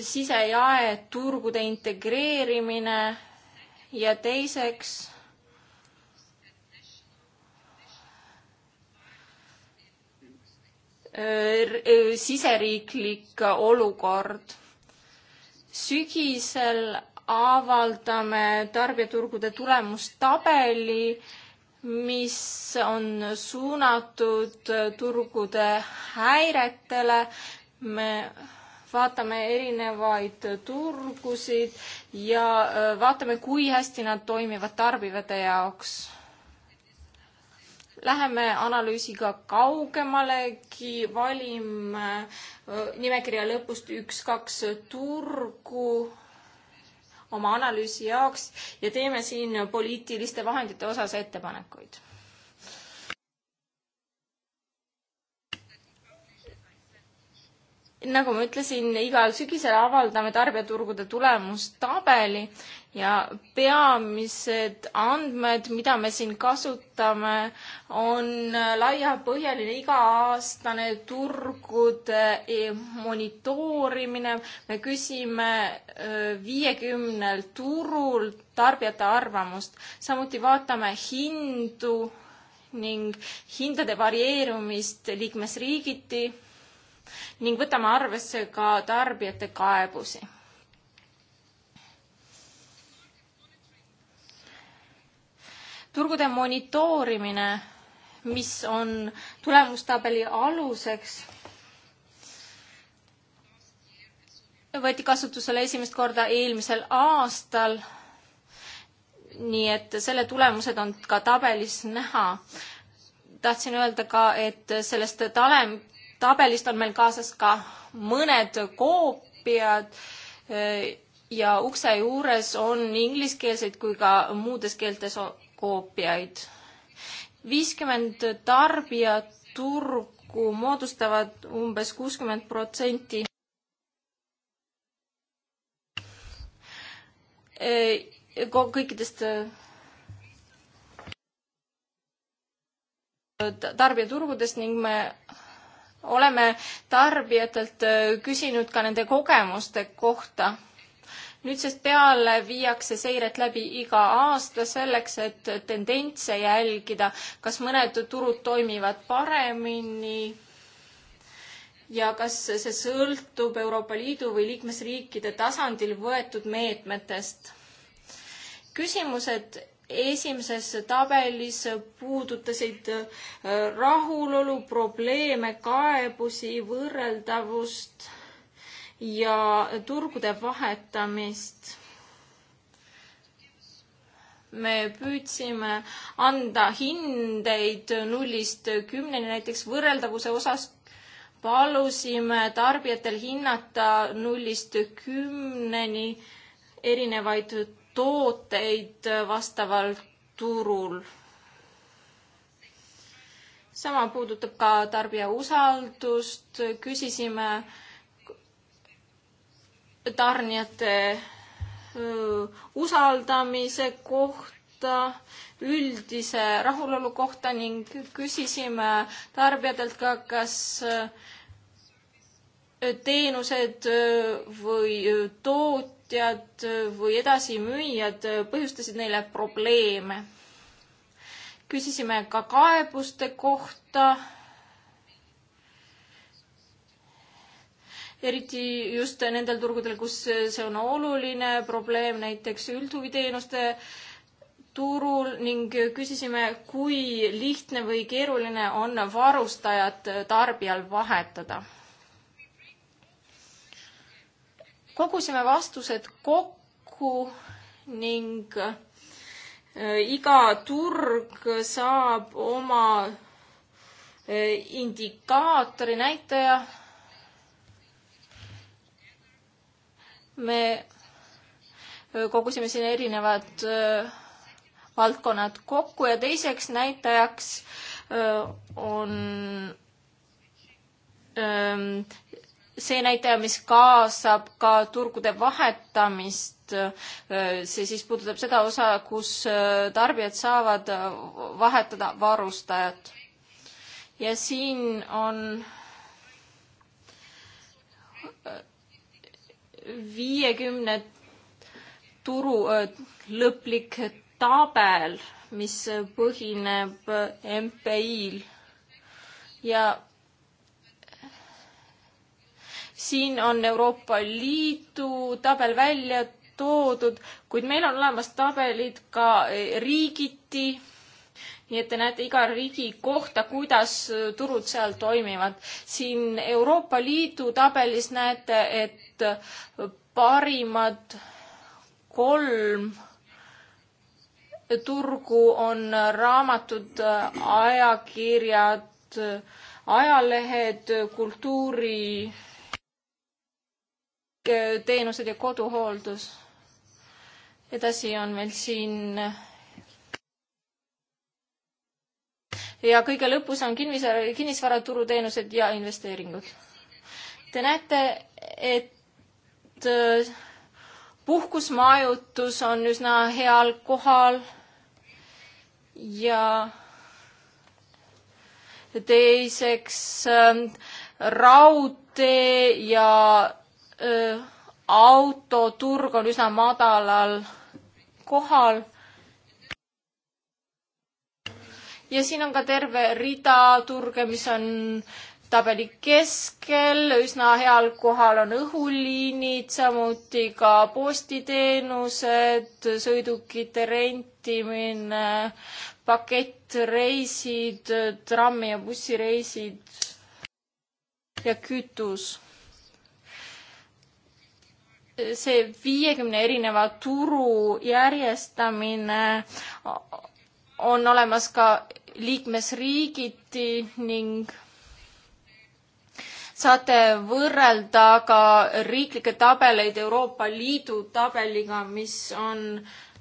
sisejaeturgude integreerimine ja teiseks äh, äh, siseriiklik olukord. sügisel avaldame tarbijaturgude tulemustabeli mis on suunatud turgude häiretele. me vaatame erinevaid turgusid ja äh, vaatame, kui hästi nad toimivad tarbivate jaoks. Läheme analüüsiga kaugemalegi, valime äh, nimekirja lõpust üks-kaks turgu oma analüüsi jaoks ja teeme siin poliitiliste vahendite osas ettepanekuid. nagu ma ütlesin, igal sügisel avaldame tarbijaturgude tulemustabeli ja peamised andmed, mida me siin kasutame, on laiapõhjaline iga-aastane turgude e, monitoorimine. me küsime e, viiekümnel turul tarbijate arvamust, samuti vaatame hindu ning hindade varieerumist liikmesriigiti ning võtame arvesse ka tarbijate kaebusi turgude monitoorimine, mis on tulemustabeli aluseks, võeti kasutusele esimest korda eelmisel aastal. nii et selle tulemused on ka tabelis näha. tahtsin öelda ka, et sellest tale-, tabelist on meil kaasas ka mõned koopiad eh, ja ukse juures on ingliskeelseid kui ka muudes keeltes koopiaid. viiskümmend tarbijaturgu moodustavad umbes kuuskümmend protsenti kõikidest äh, tarbijaturgudest ning me oleme tarbijatelt äh, küsinud ka nende kogemuste kohta nüüdsest peale viiakse seiret läbi iga aasta selleks, et tendentse jälgida, kas mõned turud toimivad paremini ja kas see sõltub Euroopa Liidu või liikmesriikide tasandil võetud meetmetest. küsimused esimeses tabelis puudutasid äh, rahulolu, probleeme, kaebusi, võrreldavust ja turgude vahetamist. me püüdsime anda hindeid nullist kümneni näiteks võrreldavuse osas palusime tarbijatel hinnata nullist kümneni erinevaid tooteid vastaval turul. sama puudutab ka tarbija usaldust, küsisime äh, tarnijate usaldamise kohta, üldise rahulolu kohta ning küsisime tarbijatelt ka, kas teenused või tootjad või edasimüüjad põhjustasid neile probleeme. küsisime ka kaebuste kohta eriti just nendel turgudel, kus see on oluline probleem, näiteks üldhuviteenuste turul ning küsisime, kui lihtne või keeruline on varustajat tarbijal vahetada. kogusime vastused kokku ning äh, iga turg saab oma äh, indikaatori näitaja me kogusime siin erinevad valdkonnad kokku ja teiseks näitajaks on see näitaja, mis kaasab ka turgude vahetamist. see siis puudutab seda osa, kus tarbijad saavad vahetada varustajat. ja siin on viiekümne turu lõplik tabel, mis põhineb MPI-l ja siin on Euroopa Liidu tabel välja toodud, kuid meil on olemas tabelid ka riigiti nii et te näete iga riigi kohta, kuidas äh, turud seal toimivad. siin Euroopa Liidu tabelis näete, et äh, parimad kolm äh, turgu on raamatud, ajakirjad, ajalehed, kultuuri teenused ja koduhooldus. edasi on meil siin ja kõige lõpus on kinnisvara, kinnisvaraturuteenused ja investeeringud. Te näete, et äh, puhkusmajutus on üsna heal kohal ja teiseks äh, raudtee ja äh, autoturg on üsna madalal kohal ja siin on ka terve rida turge, mis on tabeli keskel, üsna heal kohal on õhuliinid, samuti ka postiteenused, sõidukite rentimine, pakettreisid, trammi- ja bussireisid ja kütus see viiekümne erineva turu järjestamine on olemas ka liikmesriigiti ning saate võrrelda ka riiklikke tabeleid Euroopa Liidu tabeliga, mis on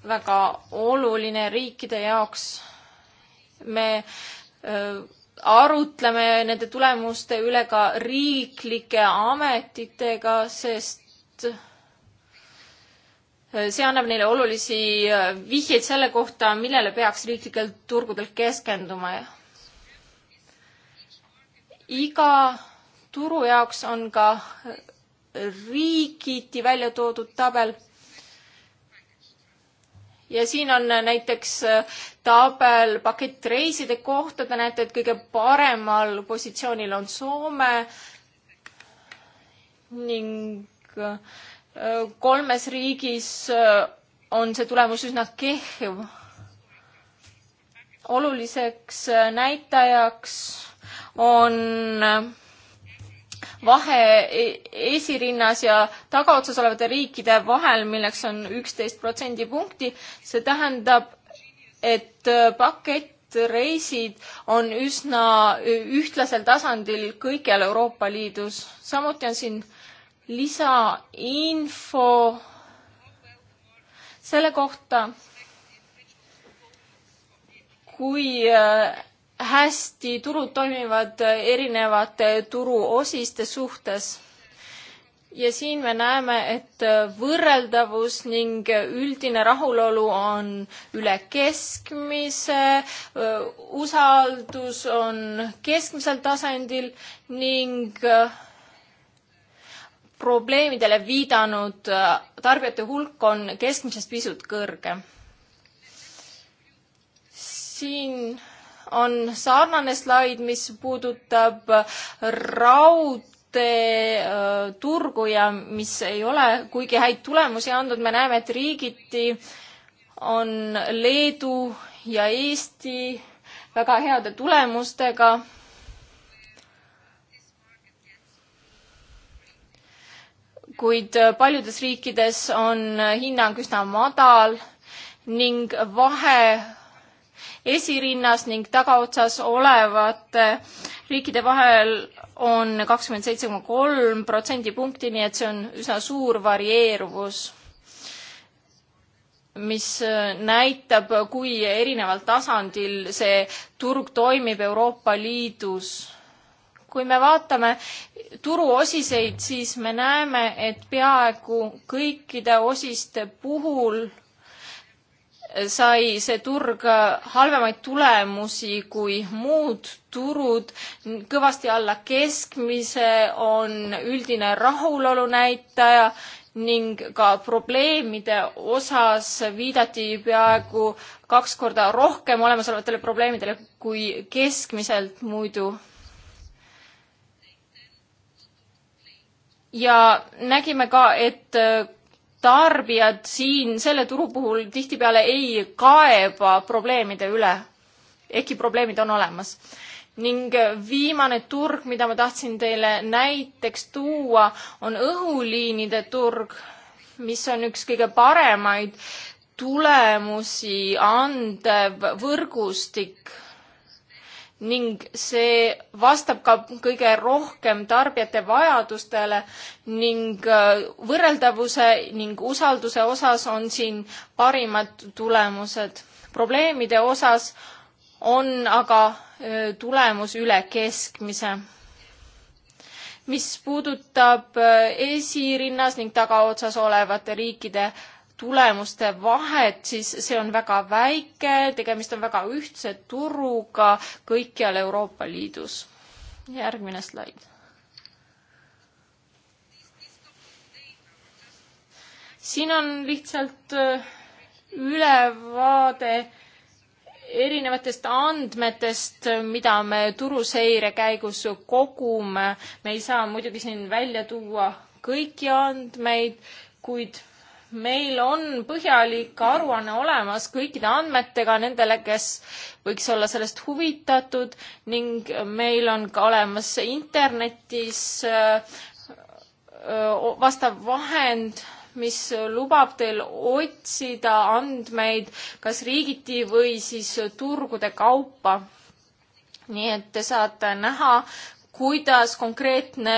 väga oluline riikide jaoks. me arutleme nende tulemuste üle ka riiklike ametitega, sest see annab neile olulisi äh, vihjeid selle kohta, millele peaks riiklikel turgudel keskenduma. iga turu jaoks on ka riigiti välja toodud tabel. ja siin on näiteks äh, tabel pakettreiside kohta, te näete, et kõige paremal positsioonil on Soome ning äh, kolmes riigis äh, on see tulemus üsna kehv. oluliseks äh, näitajaks on äh, vahe e-, esirinnas ja tagaotsas olevate riikide vahel, milleks on üksteist protsendipunkti. see tähendab, et pakett reisid on üsna ühtlasel tasandil kõikjal Euroopa Liidus. samuti on siin äh, lisainfo selle kohta, kui äh, hästi turud toimivad erinevate turuosiste suhtes. ja siin me näeme, et äh, võrreldavus ning üldine rahulolu on üle keskmise, äh, usaldus on keskmisel tasandil ning äh, probleemidele viidanud äh, tarbijate hulk on keskmisest pisut kõrge. siin on sarnane slaid, mis puudutab raudteeturgu äh, ja mis ei ole kuigi häid tulemusi andnud, me näeme, et riigiti on Leedu ja Eesti väga heade tulemustega kuid äh, paljudes riikides on äh, hinnang üsna madal ning vahe esirinnas ning tagaotsas olevate riikide vahel on kakskümmend seitse koma kolm protsendipunkti, nii et see on üsna suur varieeruvus, mis äh, näitab, kui erineval tasandil see turg toimib Euroopa Liidus kui me vaatame turuosiseid, siis me näeme, et peaaegu kõikide osiste puhul sai see turg halvemaid tulemusi kui muud turud, kõvasti alla keskmise on üldine rahulolu näitaja ning ka probleemide osas viidati peaaegu kaks korda rohkem olemasolevatele probleemidele kui keskmiselt muidu ja nägime ka, et äh, tarbijad siin selle turu puhul tihtipeale ei kaeba probleemide üle. ehkki probleemid on olemas. ning äh, viimane turg, mida ma tahtsin teile näiteks tuua, on õhuliinide turg, mis on üks kõige paremaid tulemusi andev võrgustik ning see vastab ka kõige rohkem tarbijate vajadustele ning äh, võrreldavuse ning usalduse osas on siin parimad tulemused. probleemide osas on aga äh, tulemus üle keskmise. mis puudutab äh, esirinnas ning tagaotsas olevate riikide tulemuste vahet, siis see on väga väike, tegemist on väga ühtse turuga kõikjal Euroopa Liidus. järgmine slaid. siin on lihtsalt äh, ülevaade erinevatest andmetest, mida me turuseire käigus kogume. me ei saa muidugi siin välja tuua kõiki andmeid, kuid meil on põhjalik aruanne olemas kõikide andmetega nendele, kes võiks olla sellest huvitatud ning meil on ka olemas internetis äh, äh, vastav vahend, mis lubab teil otsida andmeid kas riigiti või siis turgude kaupa. nii et te saate näha, kuidas konkreetne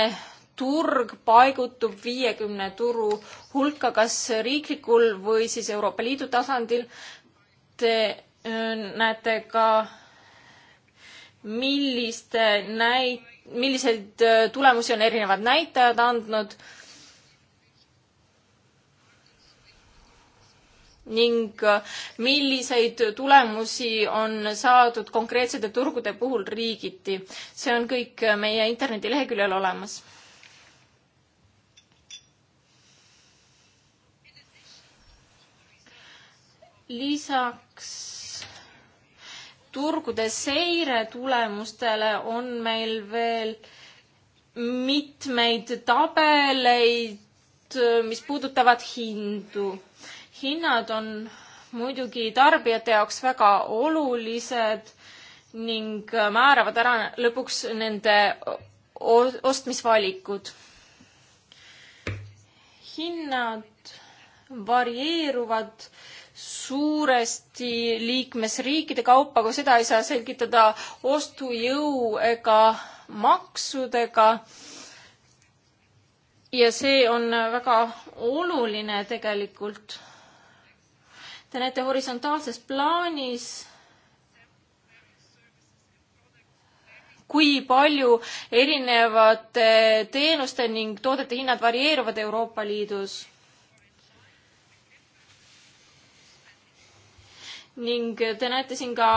turg paigutub viiekümne turu hulka, kas riiklikul või siis Euroopa Liidu tasandil. Te äh, näete ka, milliste näit-, milliseid äh, tulemusi on erinevad näitajad andnud ning äh, milliseid tulemusi on saadud konkreetsete turgude puhul riigiti. see on kõik meie internetileheküljel olemas. lisaks turgude seire tulemustele on meil veel mitmeid tabeleid, mis puudutavad hindu. hinnad on muidugi tarbijate jaoks väga olulised ning määravad ära lõpuks nende ostmisvalikud. hinnad varieeruvad suuresti liikmesriikide kaupa, aga seda ei saa selgitada ostujõu ega maksudega. ja see on väga oluline tegelikult. Te näete horisontaalses plaanis kui palju erinevate teenuste ning toodete hinnad varieeruvad Euroopa Liidus. ning te näete siin ka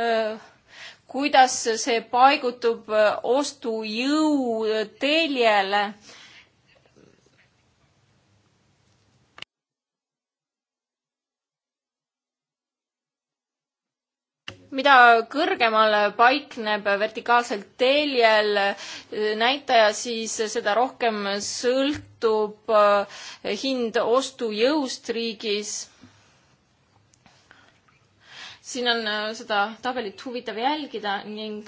äh, kuidas see paigutub äh, ostujõu teljele. mida kõrgemal paikneb vertikaalselt teljel äh, näitaja, siis seda rohkem sõltub hind ostujõust riigis siin on äh, seda tabelit huvitav jälgida ning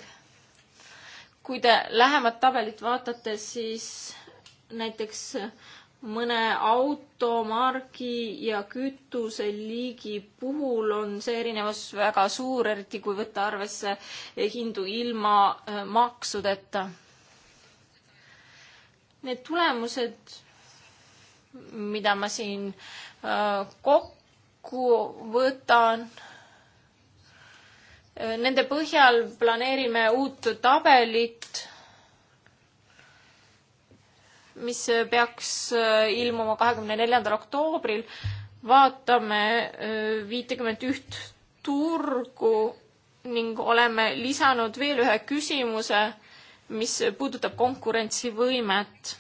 kui te lähemat tabelit vaatate, siis näiteks äh, mõne automargi ja kütuseliigi puhul on see erinevus väga suur, eriti kui võtta arvesse äh, hindu ilma maksudeta. Need tulemused, mida ma siin kokku võtan Nende põhjal planeerime uut tabelit, mis peaks äh, ilmuma kahekümne neljandal oktoobril. vaatame äh, viitekümmet üht turgu ning oleme lisanud veel ühe küsimuse, mis puudutab konkurentsivõimet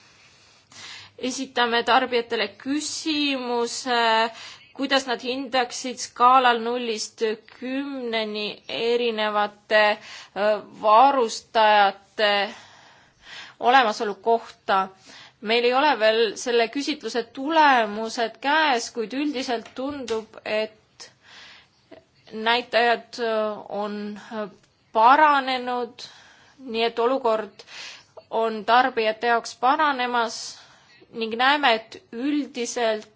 esitame tarbijatele küsimuse kuidas nad hindaksid skaalal nullist kümneni erinevate varustajate olemasolu kohta. meil ei ole veel selle küsitluse tulemused käes, kuid üldiselt tundub, et näitajad on paranenud, nii et olukord on tarbijate jaoks paranemas ning näeme, et üldiselt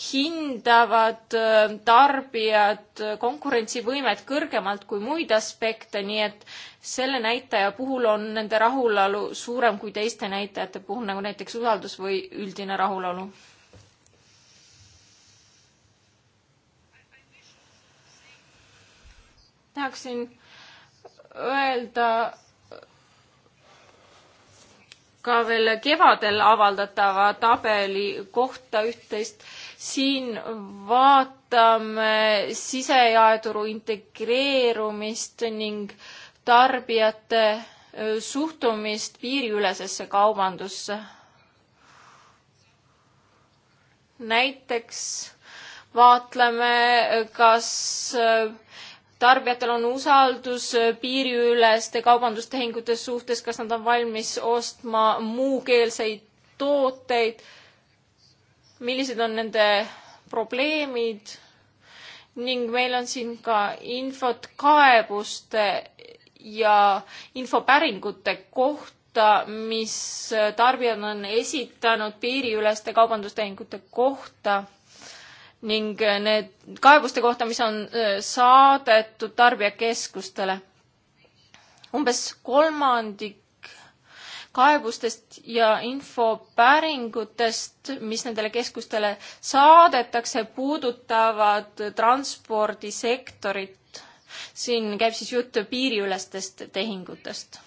hindavad äh, tarbijad äh, konkurentsivõimet kõrgemalt kui muid aspekte, nii et selle näitaja puhul on nende rahulolu suurem kui teiste näitajate puhul, nagu näiteks usaldus või üldine rahulolu. tahaksin öelda ka veel kevadel avaldatava tabeli kohta üht-teist siin vaatame sisejaeturu integreerumist ning tarbijate suhtumist piiriülesesse kaubandusse. näiteks vaatleme, kas tarbijatel on usaldus piiriüleste kaubandustehingute suhtes, kas nad on valmis ostma muukeelseid tooteid millised on nende probleemid ning meil on siin ka infot kaebuste ja infopäringute kohta, mis tarbijad on esitanud piiriüleste kaubandustehingute kohta ning need kaebuste kohta, mis on äh, saadetud tarbijakeskustele. umbes kolmandik kaebustest ja infopäringutest, mis nendele keskustele saadetakse, puudutavad transpordisektorit. siin käib siis jutt piiriülestest tehingutest.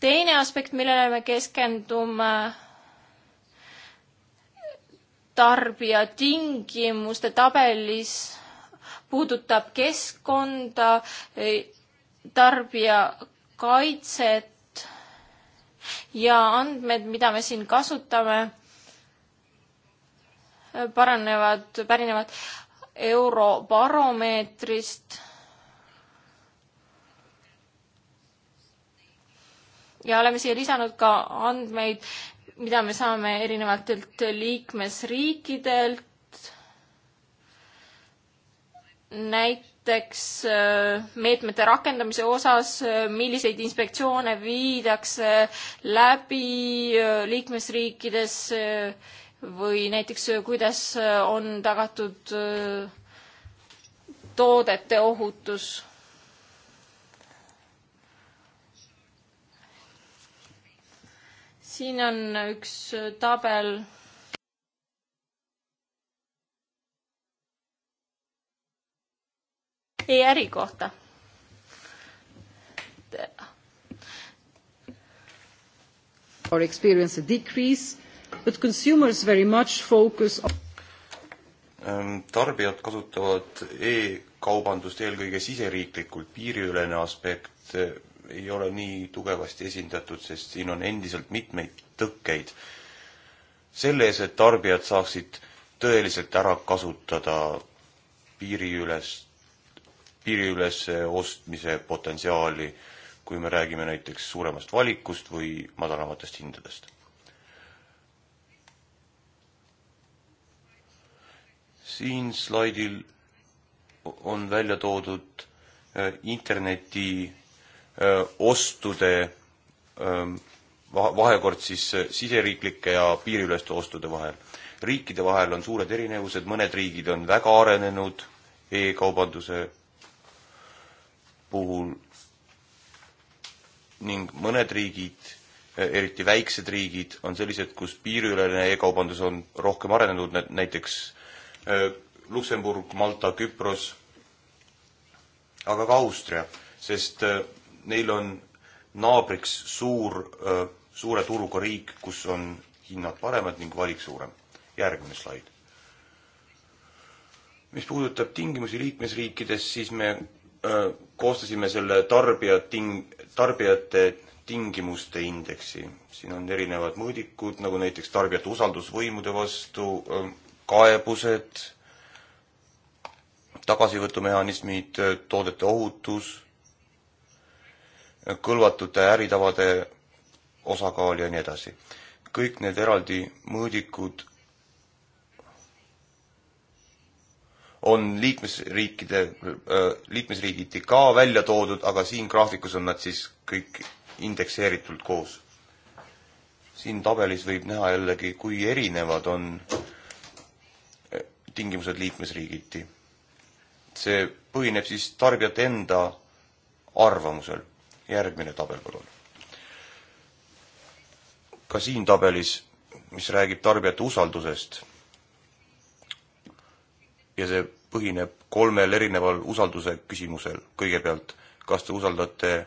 teine aspekt, millele me keskendume, tarbija tingimuste tabelis puudutab keskkonda, tarbijakaitset ja andmed, mida me siin kasutame, paranevad, pärinevad Eurobaromeetrist ja oleme siia lisanud ka andmeid, mida me saame erinevatelt liikmesriikidelt. näiteks näiteks äh, meetmete rakendamise osas, äh, milliseid inspektsioone viidakse läbi äh, liikmesriikides või näiteks kuidas on tagatud toodete ohutus? siin on üks tabel eri kohta. Or experience a decrease, but consumers very much focus on ähm, tarbijad kasutavad e-kaubandust eelkõige siseriiklikult, piiriülene aspekt äh, ei ole nii tugevasti esindatud, sest siin on endiselt mitmeid tõkkeid. selle ees, et tarbijad saaksid tõeliselt ära kasutada piiriüles piiriülese ostmise potentsiaali, kui me räägime näiteks suuremast valikust või madalamatest hindadest. siin slaidil on välja toodud äh, interneti äh, ostude ähm, vahekord siis äh, siseriiklike ja piiriüleste ostude vahel. riikide vahel on suured erinevused, mõned riigid on väga arenenud e-kaubanduse puhul ning mõned riigid, eriti väiksed riigid, on sellised, kus piiriülene e-kaubandus on rohkem arenenud, näiteks Luksemburg, Malta, Küpros, aga ka Austria, sest neil on naabriks suur, suure turuga riik, kus on hinnad paremad ning valik suurem. järgmine slaid. mis puudutab tingimusi liikmesriikides, siis me koostasime selle tarbijad ting-, tarbijate tingimuste indeksi. siin on erinevad mõõdikud, nagu näiteks tarbijate usaldus võimude vastu, kaebused, tagasivõtumehhanismid, toodete ohutus, kõlvatute äritavade osakaal ja nii edasi. kõik need eraldi mõõdikud on liikmesriikide, liikmesriigiti ka välja toodud, aga siin graafikus on nad siis kõik indekseeritult koos. siin tabelis võib näha jällegi, kui erinevad on tingimused liikmesriigiti. see põhineb siis tarbijate enda arvamusel. järgmine tabel, palun. ka siin tabelis, mis räägib tarbijate usaldusest ja see põhineb kolmel erineval usalduse küsimusel. kõigepealt, kas te usaldate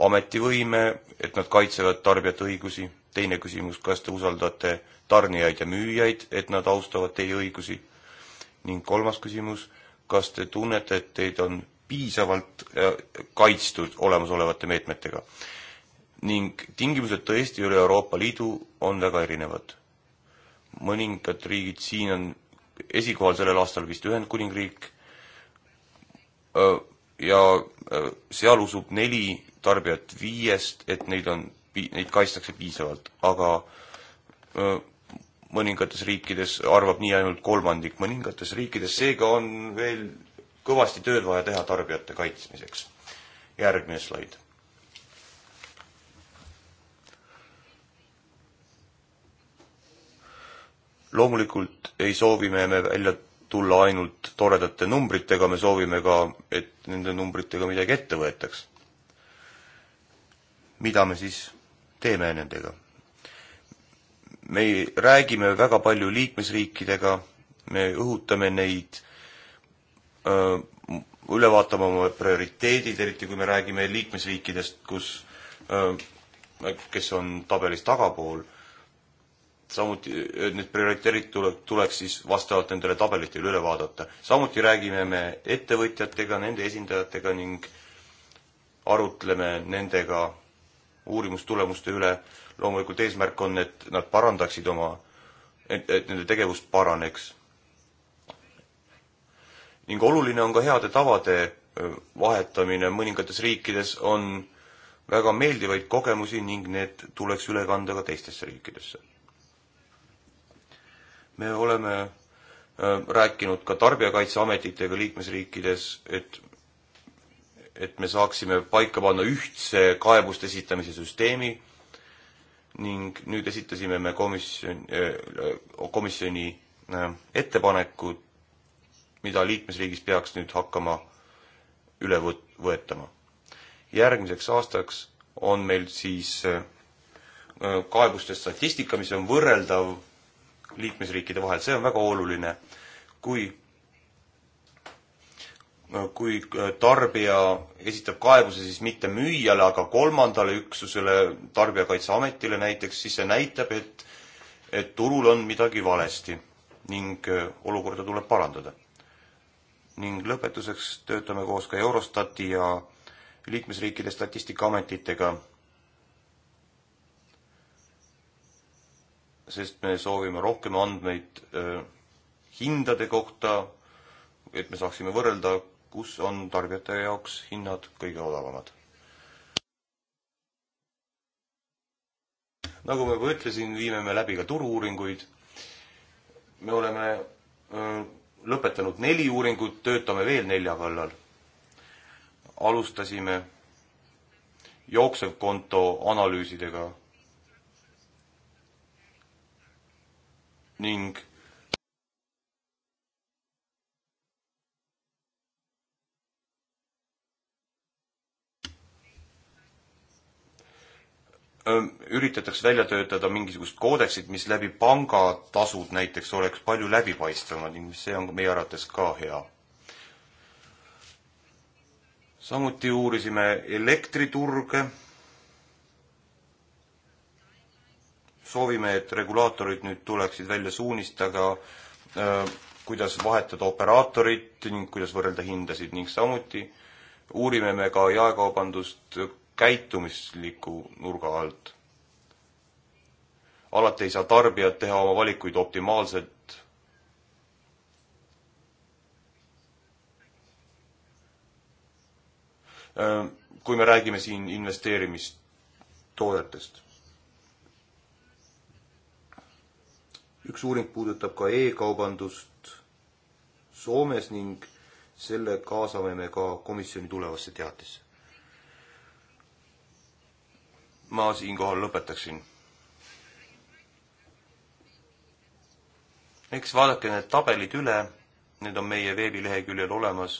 ametivõime, et nad kaitsevad tarbijate õigusi, teine küsimus, kas te usaldate tarnijaid ja müüjaid, et nad austavad teie õigusi, ning kolmas küsimus, kas te tunnete, et teid on piisavalt äh, kaitstud olemasolevate meetmetega. ning tingimused tõesti üle Euroopa Liidu on väga erinevad. mõningad riigid siin on esikohal sellel aastal vist Ühendkuningriik ja seal usub neli tarbijat viiest, et neid on, neid kaitstakse piisavalt, aga mõningates riikides arvab nii ainult kolmandik mõningates riikides, seega on veel kõvasti tööd vaja teha tarbijate kaitsmiseks. järgmine slaid loomulikult ei soovi me välja tulla ainult toredate numbritega, me soovime ka, et nende numbritega midagi ette võetaks. mida me siis teeme nendega? me räägime väga palju liikmesriikidega, me õhutame neid öö, äh, üle vaatama oma prioriteedid, eriti kui me räägime liikmesriikidest, kus öö, äh, kes on tabelis tagapool samuti äh, need prioriteedid tuleb, tuleks siis vastavalt nendele tabelitele üle vaadata. samuti räägime me ettevõtjatega, nende esindajatega ning arutleme nendega uurimustulemuste üle. loomulikult eesmärk on, et nad parandaksid oma, et, et nende tegevus paraneks. ning oluline on ka heade tavade äh, vahetamine, mõningates riikides on väga meeldivaid kogemusi ning need tuleks üle kanda ka teistesse riikidesse me oleme äh, rääkinud ka tarbijakaitseametitega liikmesriikides, et et me saaksime paika panna ühtse kaebuste esitamise süsteemi ning nüüd esitasime me komisjon, äh, komisjoni äh, ettepanekud, mida liikmesriigis peaks nüüd hakkama üle võt-, võetama. järgmiseks aastaks on meil siis kaebuste statistika, mis on võrreldav liikmesriikide vahel, see on väga oluline. kui, kui tarbija esitab kaebuse siis mitte müüjale, aga kolmandale üksusele, Tarbijakaitseametile näiteks, siis see näitab, et, et turul on midagi valesti ning olukorda tuleb parandada. ning lõpetuseks töötame koos ka Eurostati ja liikmesriikide statistikaametitega sest me soovime rohkem andmeid hindade kohta, et me saaksime võrrelda, kus on tarbijate jaoks hinnad kõige odavamad. nagu ma juba ütlesin, viime me läbi ka turu-uuringuid. me oleme lõpetanud neli uuringut, töötame veel nelja kallal. alustasime jooksevkonto analüüsidega ning üritatakse välja töötada mingisugust koodeksit, mis läbi pangatasud näiteks oleks palju läbipaistvamad ning see on meie arvates ka hea. samuti uurisime elektriturge soovime, et regulaatorid nüüd tuleksid välja suunistega, äh, kuidas vahetada operaatorit ning kuidas võrrelda hindasid ning samuti uurime me ka jaekaubandust käitumisliku nurga alt. alati ei saa tarbijad teha oma valikuid optimaalselt. Äh, kui me räägime siin investeerimistoodetest üks uuring puudutab ka e-kaubandust Soomes ning selle kaasame me ka komisjoni tulevasse teatisse. ma siinkohal lõpetaksin. eks vaadake need tabelid üle, need on meie veebileheküljel olemas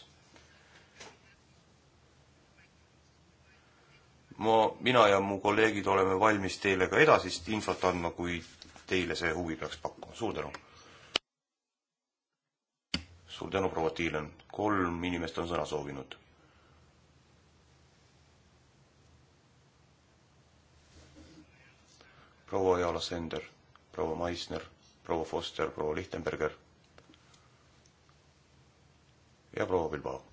ma, mina ja mu kolleegid oleme valmis teile ka edasist infot andma, kui teile see huvi peaks pakkuma. suur tänu! suur tänu, proua Tiilen. kolm inimest on sõna soovinud. proua Jaala Sender, proua Maisner, proua Foster, proua Lichtenberger ja proua Bilbao.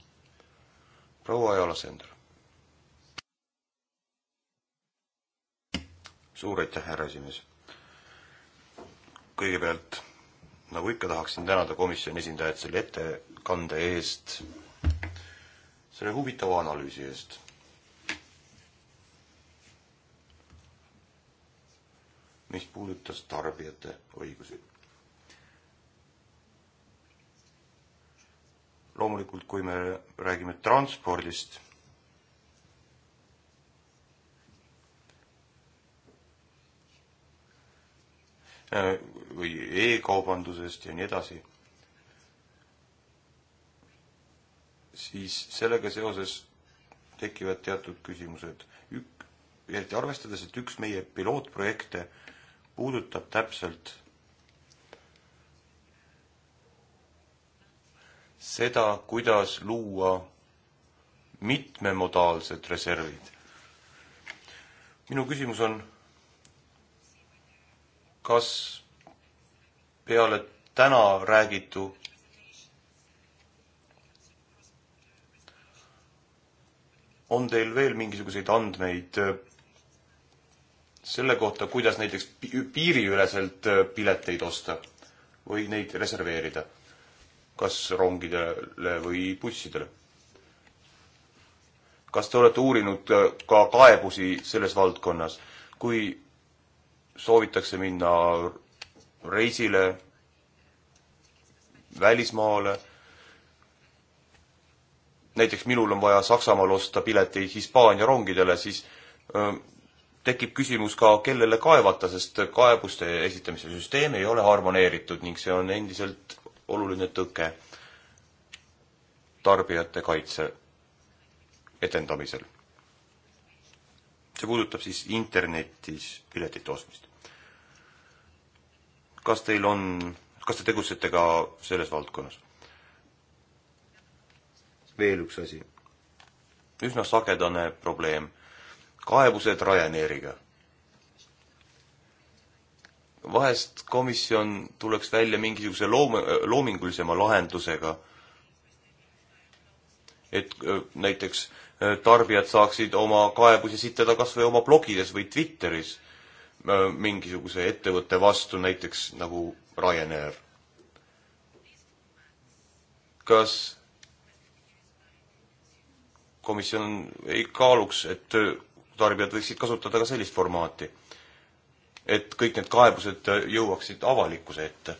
proua Jaala Sender. suur aitäh, härra esimees kõigepealt, nagu ikka, tahaksin tänada komisjoni esindajat selle ettekande eest, selle huvitava analüüsi eest. mis puudutas tarbijate õigusi. loomulikult, kui me räägime transpordist Äh, või e-kaubandusest ja nii edasi, siis sellega seoses tekivad teatud küsimused. ük-, eriti arvestades, et üks meie pilootprojekte puudutab täpselt seda, kuidas luua mitmemodaalsed reservid. minu küsimus on, kas peale täna räägitu on teil veel mingisuguseid andmeid äh, selle kohta, kuidas näiteks piiriüleselt äh, pileteid osta või neid reserveerida, kas rongidele või bussidele? kas te olete uurinud äh, ka kaebusi selles valdkonnas, kui soovitakse minna reisile välismaale. näiteks minul on vaja Saksamaal osta pileteid Hispaania rongidele, siis öö, tekib küsimus ka, kellele kaevata, sest kaebuste esitamise süsteem ei ole harmoneeritud ning see on endiselt oluline tõke tarbijate kaitse edendamisel see puudutab siis internetis piletite ostmist. kas teil on, kas te tegutsete ka selles valdkonnas? veel üks asi. üsna sagedane probleem. kaebused Ryanairiga. vahest komisjon tuleks välja mingisuguse loom-, loomingulisema lahendusega, et äh, näiteks Äh, tarbijad saaksid oma kaebusi esitada kas või oma blogides või Twitteris äh, mingisuguse ettevõtte vastu, näiteks nagu Ryanair. kas komisjon ei kaaluks, et tarbijad võiksid kasutada ka sellist formaati, et kõik need kaebused äh, jõuaksid avalikkuse ette?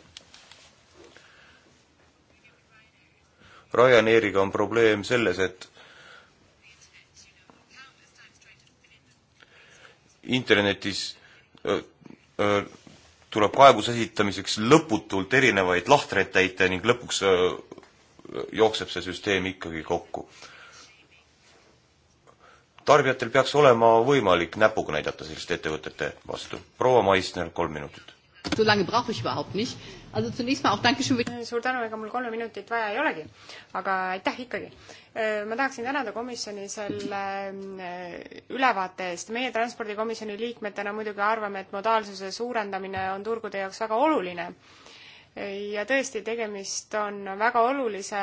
Ryanairiga on probleem selles, et internetis öö, öö, tuleb kaebuse esitamiseks lõputult erinevaid lahtreid täita ning lõpuks öö, jookseb see süsteem ikkagi kokku. tarbijatel peaks olema võimalik näpuga näidata selliste ettevõtete vastu. proua Maisner, kolm minutit. So lange brauche ich überhaupt nicht suur tänu, ega mul kolme minutit vaja ei olegi, aga aitäh ikkagi. ma tahaksin tänada komisjoni selle ülevaate eest. meie transpordikomisjoni liikmetena muidugi arvame, et modaalsuse suurendamine on turgude jaoks väga oluline ja tõesti, tegemist on väga olulise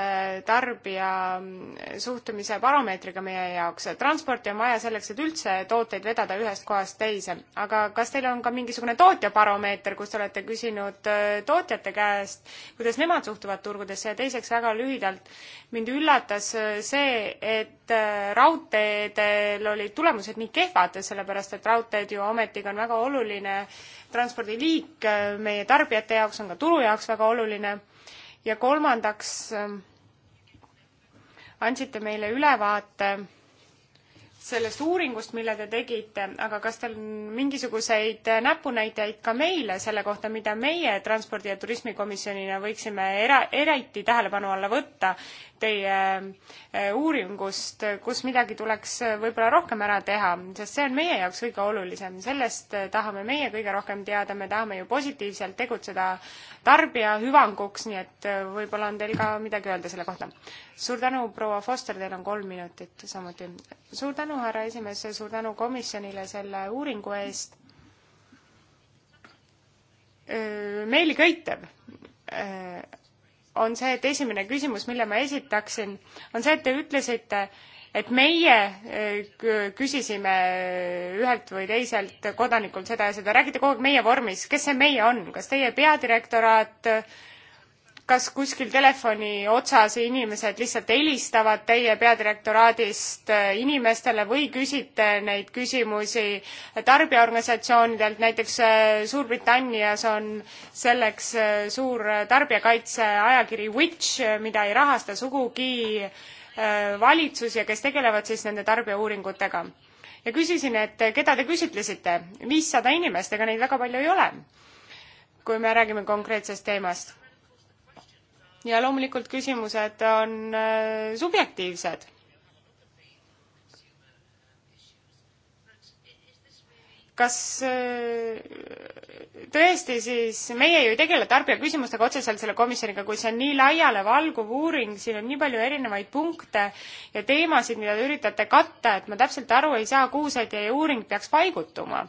tarbija suhtumise baromeetriga meie jaoks. transporti on vaja selleks, et üldse tooteid vedada ühest kohast teise. aga kas teil on ka mingisugune tootjabaromeeter, kus te olete küsinud äh, tootjate käest, kuidas nemad suhtuvad turgudesse ja teiseks väga lühidalt, mind üllatas äh, see, et äh, raudteedel olid tulemused nii kehvad, sellepärast et raudteed ju ometigi on väga oluline transpordiliik äh, meie tarbijate jaoks, on ka turu jaoks väga oluline. ja kolmandaks äh, andsite meile ülevaate sellest uuringust, mille te tegite, aga kas teil on mingisuguseid näpunäiteid ka meile selle kohta, mida meie Transpordi- ja Turismikomisjonina võiksime era-, eriti tähelepanu alla võtta teie äh, uuringust, kus midagi tuleks äh, võib-olla rohkem ära teha, sest see on meie jaoks kõige olulisem, sellest äh, tahame meie kõige rohkem teada, me tahame ju positiivselt tegutseda tarbija hüvanguks, nii et võib-olla on teil ka midagi öelda selle kohta. suur tänu, proua Foster, teil on kolm minutit samuti. suur tänu, härra esimees, suur tänu komisjonile selle uuringu eest. meeliköitev on see, et esimene küsimus, mille ma esitaksin, on see, et te ütlesite, et meie äh, küsisime äh, ühelt või teiselt kodanikult seda ja seda, räägite kogu aeg meie vormis, kes see meie on, kas teie peadirektoraat, kas kuskil telefoni otsas inimesed lihtsalt helistavad teie peadirektoraadist äh, inimestele või küsite neid küsimusi tarbijaorganisatsioonidelt, näiteks äh, Suurbritannias on selleks äh, suur tarbijakaitse ajakiri Which, mida ei rahasta sugugi valitsus ja kes tegelevad siis nende tarbijauuringutega. ja küsisin, et keda te küsitlesite, viissada inimest, ega neid väga palju ei ole, kui me räägime konkreetsest teemast ja loomulikult küsimused on äh, subjektiivsed. kas äh, tõesti siis, meie ju ei tegele tarbija küsimustega otseselt selle komisjoniga, kui see on nii laialevalguv uuring, siin on nii palju erinevaid punkte ja teemasid, mida te üritate katta, et ma täpselt aru ei saa, kuhu see teie uuring peaks paigutuma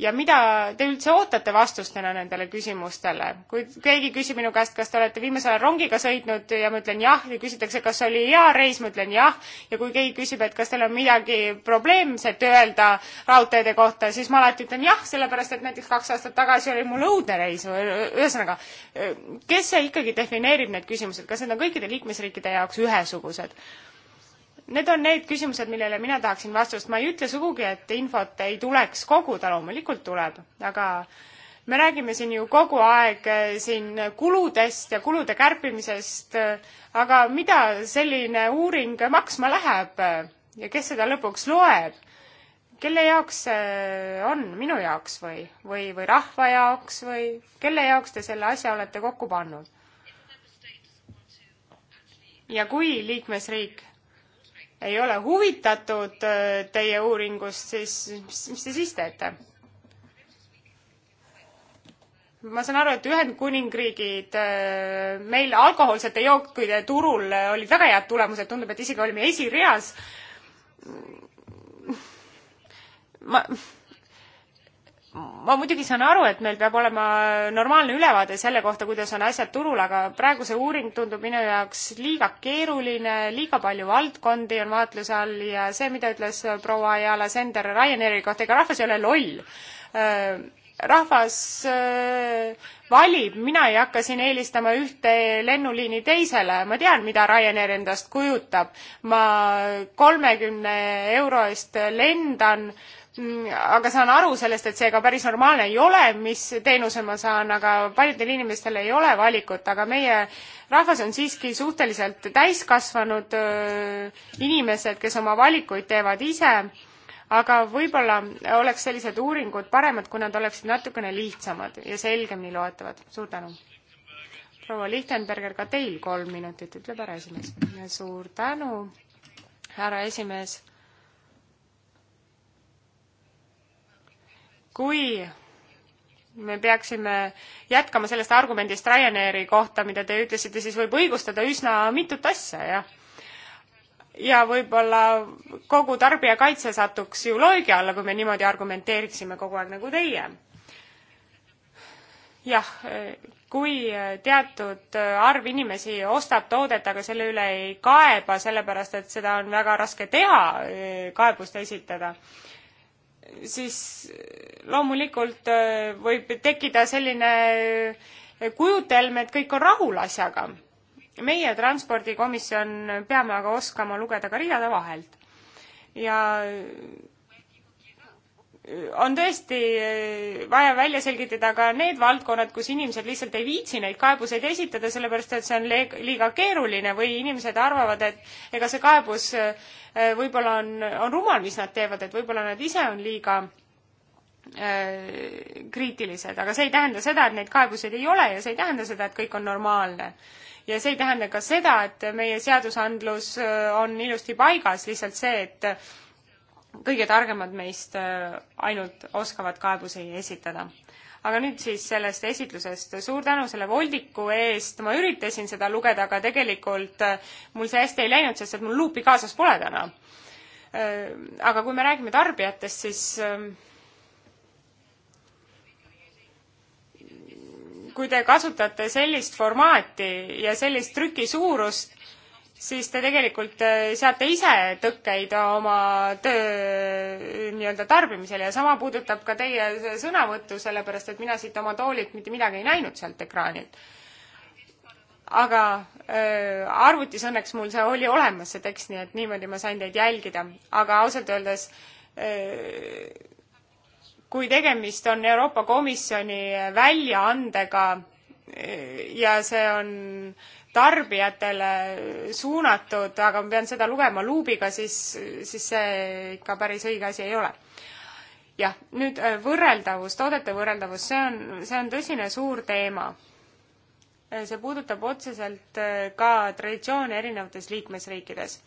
ja mida te üldse ootate vastustena nendele küsimustele? kui keegi küsib minu käest, kas te olete viimasel ajal rongiga sõitnud ja ma ütlen jah, ja küsitakse, kas oli hea reis, ma ütlen jah, ja kui keegi küsib, et kas teil on midagi probleemset öelda raudteede kohta, siis ma alati ütlen jah, sellepärast et näiteks kaks aastat tagasi oli mul õudne reis või ühesõnaga, kes see ikkagi defineerib need küsimused, kas need on kõikide liikmesriikide jaoks ühesugused? Need on need küsimused, millele mina tahaksin vastust. ma ei ütle sugugi, et infot ei tuleks koguda, loomulikult tuleb, aga me räägime siin ju kogu aeg eh, siin kuludest ja kulude kärpimisest, aga mida selline uuring maksma läheb ja kes seda lõpuks loeb? kelle jaoks see on, minu jaoks või, või, või rahva jaoks või kelle jaoks te selle asja olete kokku pannud? ja kui liikmesriik ei ole huvitatud äh, teie uuringust, siis mis, mis te siis teete? ma saan aru, et Ühendkuningriigid, äh, meil alkohoolsete jookide turul äh, olid väga head tulemused, tundub, et isegi olime esireas. ma ma muidugi saan aru, et meil peab olema normaalne ülevaade selle kohta, kuidas on asjad turul, aga praegu see uuring tundub minu jaoks liiga keeruline, liiga palju valdkondi on vaatluse all ja see, mida ütles proua Ayala Sender Ryanairi kohta, ega rahvas ei ole loll. Äh, rahvas äh, valib, mina ei hakka siin eelistama ühte lennuliini teisele, ma tean, mida Ryanair endast kujutab. ma kolmekümne euro eest lendan Mm, aga saan aru sellest, et see ka päris normaalne ei ole, mis teenuse ma saan, aga paljudel inimestel ei ole valikut, aga meie rahvas on siiski suhteliselt täiskasvanud inimesed, kes oma valikuid teevad ise, aga võib-olla oleks sellised uuringud paremad, kui nad oleksid natukene lihtsamad ja selgemini loetavad. suur tänu! proua Lichtenberger, ka teil kolm minutit, ütleb härra esimees. suur tänu, härra esimees kui me peaksime jätkama sellest argumendist Ryanairi kohta, mida te ütlesite, siis võib õigustada üsna mitut asja, jah. ja võib-olla kogu tarbijakaitse satuks ju löögi alla, kui me niimoodi argumenteeriksime kogu aeg nagu teie. jah, kui teatud arv inimesi ostab toodet, aga selle üle ei kaeba, sellepärast et seda on väga raske teha, kaebust esitada siis loomulikult äh, võib tekkida selline äh, kujutelm, et kõik on rahul asjaga. meie transpordikomisjon peame aga oskama lugeda ka riiade vahelt. ja on tõesti eh, vaja välja selgitada ka need valdkonnad, kus inimesed lihtsalt ei viitsi neid kaebuseid esitada, sellepärast et see on liiga keeruline või inimesed arvavad, et ega see kaebus eh, võib-olla on, on rumal, mis nad teevad, et võib-olla nad ise on liiga äh, kriitilised, aga see ei tähenda seda, et neid kaebuseid ei ole ja see ei tähenda seda, et kõik on normaalne. ja see ei tähenda ka seda, et meie seadusandlus on ilusti paigas, lihtsalt see, et kõige targemad meist äh, ainult oskavad kaebusi esitada. aga nüüd siis sellest esitlusest. suur tänu selle voldiku eest, ma üritasin seda lugeda, aga tegelikult äh, mul see hästi ei läinud, sest et mul luupi kaasas pole täna. Äh, aga kui me räägime tarbijatest, siis kui te kasutate sellist formaati ja sellist trüki suurust, siis te tegelikult äh, seate ise tõkkeid oma töö nii-öelda tarbimisele ja sama puudutab ka teie sõnavõttu, sellepärast et mina siit oma toolilt mitte midagi ei näinud sealt ekraanilt. aga äh, arvutis õnneks mul see oli olemas, see tekst, nii et niimoodi ma sain teid jälgida, aga ausalt öeldes äh, kui tegemist on Euroopa Komisjoni väljaandega äh, ja see on äh, tarbijatele suunatud, aga ma pean seda lugema luubiga, siis, siis see ikka päris õige asi ei ole. jah, nüüd äh, võrreldavus, toodete võrreldavus, see on, see on tõsine suur teema. Äh, see puudutab otseselt äh, ka traditsioone erinevates liikmesriikides.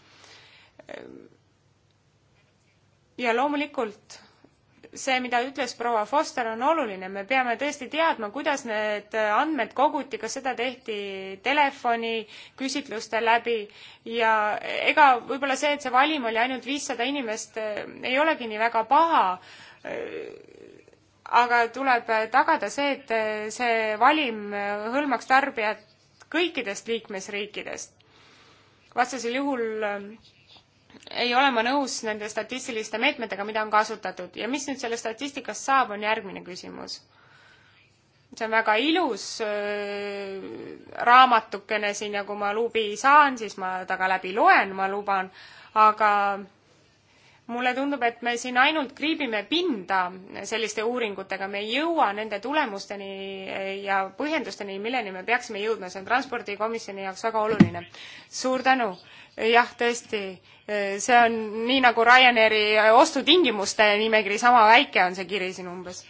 ja loomulikult see, mida ütles proua Foster, on oluline, me peame tõesti teadma, kuidas need andmed koguti, kas seda tehti telefoniküsitluste läbi ja ega võib-olla see, et see valim oli ainult viissada inimest, eh, ei olegi nii väga paha. Eh, aga tuleb tagada see, et eh, see valim hõlmaks tarbijat kõikidest liikmesriikidest. vastasel juhul ei ole ma nõus nende statistiliste meetmetega, mida on kasutatud ja mis nüüd sellest statistikast saab, on järgmine küsimus. see on väga ilus äh, raamatukene siin ja kui ma luubi saan, siis ma ta ka läbi loen, ma luban, aga mulle tundub, et me siin ainult kriibime pinda selliste uuringutega, me ei jõua nende tulemusteni ja põhjendusteni, milleni me peaksime jõudma, see on Transpordikomisjoni jaoks väga oluline. suur tänu! jah, tõesti, see on nii nagu Ryanairi ostutingimuste nimekiri, sama väike on see kiri siin umbes.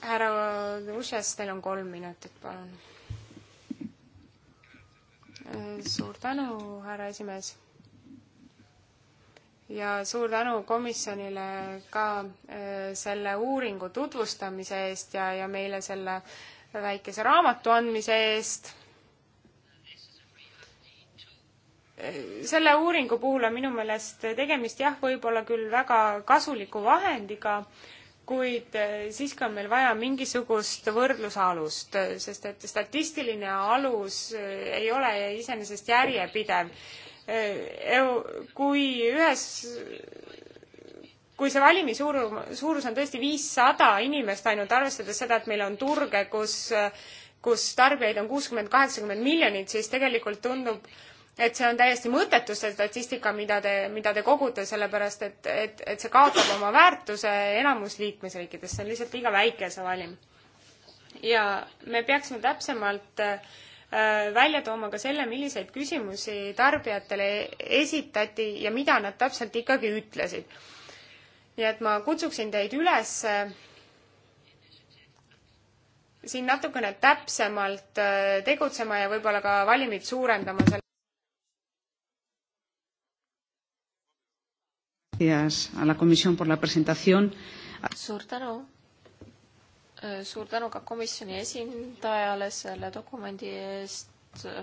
härra Ušes, teil on kolm minutit, palun. suur tänu, härra esimees ja suur tänu komisjonile ka äh, selle uuringu tutvustamise eest ja, ja meile selle väikese raamatu andmise eest. selle uuringu puhul on minu meelest tegemist jah, võib-olla küll väga kasuliku vahendiga, kuid äh, siiski on meil vaja mingisugust võrdlusalust, sest et statistiline alus äh, ei ole iseenesest järjepidev Eh, kui ühes, kui see valimi suur, suurus on tõesti viissada inimest ainult, arvestades seda, et meil on turge, kus, kus tarbijaid on kuuskümmend, kaheksakümmend miljonit, siis tegelikult tundub, et see on täiesti mõttetu, see statistika, mida te, mida te kogute, sellepärast et, et, et see kaotab oma väärtuse enamus liikmesriikides, see on lihtsalt liiga väike, see valim. ja me peaksime täpsemalt äh, Äh, välja tooma ka selle, milliseid küsimusi tarbijatele esitati ja mida nad täpselt ikkagi ütlesid. nii et ma kutsuksin teid üles äh, siin natukene täpsemalt äh, tegutsema ja võib-olla ka valimit suurendama selle Gracias a la Comisión por la presentación. Suur tänu Äh, suur tänu ka komisjoni esindajale selle dokumendi eest. Äh,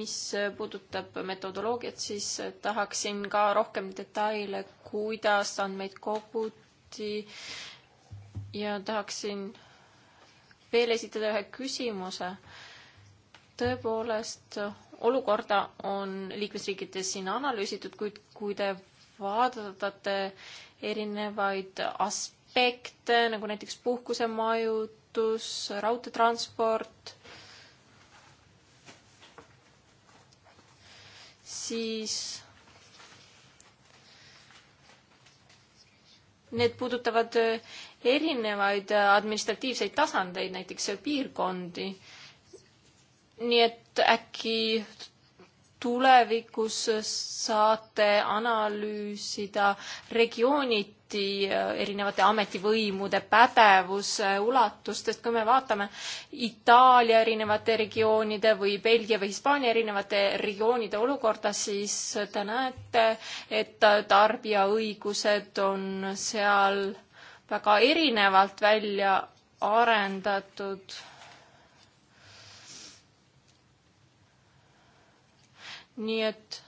mis äh, puudutab metodoloogiat, siis tahaksin ka rohkem detaile, kuidas andmeid koguti ja tahaksin veel esitada ühe küsimuse. tõepoolest, olukorda on liikmesriikides siin analüüsitud, kuid kui te vaatate erinevaid aspekte, aspekte, nagu näiteks puhkusemajutus, raudteetransport, siis need puudutavad erinevaid administratiivseid tasandeid, näiteks piirkondi. nii et äkki tulevikus saate analüüsida regioonid samuti äh, erinevate ametivõimude pädevuse äh, ulatustest, kui me vaatame Itaalia erinevate regioonide või Belgia või Hispaania erinevate regioonide olukorda, siis te näete, et äh, tarbijaõigused on seal väga erinevalt välja arendatud. nii et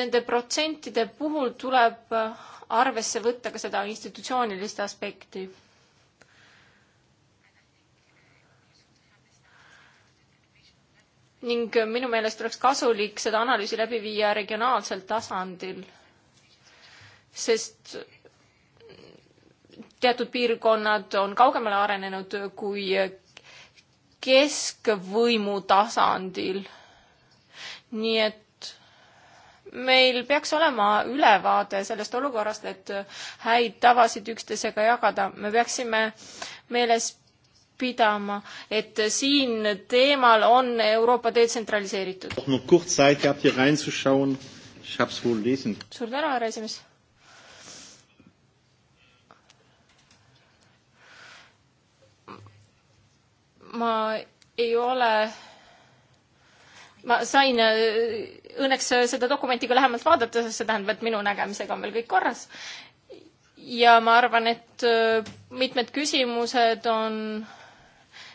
nende protsentide puhul tuleb arvesse võtta ka seda institutsioonilist aspekti. ning minu meelest oleks kasulik seda analüüsi läbi viia regionaalsel tasandil, sest teatud piirkonnad on kaugemale arenenud kui keskvõimu tasandil. nii et meil peaks olema ülevaade sellest olukorrast, et häid tavasid üksteisega jagada. me peaksime meeles pidama, et siin teemal on Euroopa detsentraliseeritud. suur tänu, härra esimees. ma ei ole, ma sain äh, õnneks seda dokumenti ka lähemalt vaadata, sest see tähendab, et minu nägemisega on veel kõik korras. ja ma arvan, et äh, mitmed küsimused on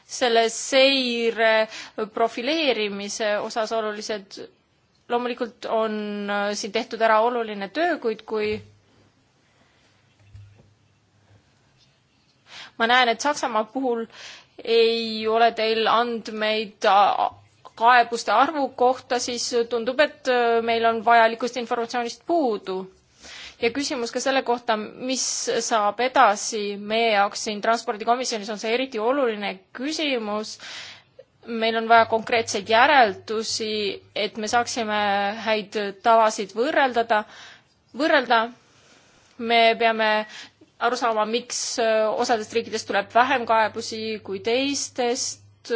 selle seire profileerimise osas olulised. loomulikult on äh, siin tehtud ära oluline töö, kuid kui ma näen, et Saksamaa puhul ei ole teil andmeid äh, kaebuste arvu kohta, siis tundub, et äh, meil on vajalikust informatsioonist puudu. ja küsimus ka selle kohta, mis saab edasi meie jaoks siin transpordikomisjonis, on see eriti oluline küsimus. meil on vaja konkreetseid järeldusi, et me saaksime häid tavasid võrreldada, võrrelda. me peame aru saama, miks äh, osadest riikidest tuleb vähem kaebusi kui teistest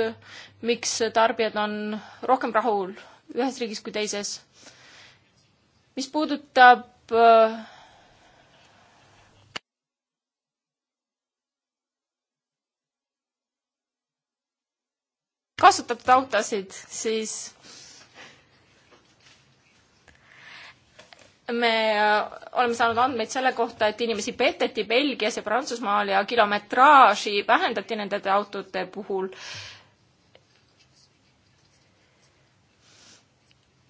miks tarbijad on rohkem rahul ühes riigis kui teises. mis puudutab äh, kasutatud autosid, siis me äh, oleme saanud andmeid selle kohta, et inimesi peteti Belgias ja Prantsusmaal ja kilometraaži vähendati nende autode puhul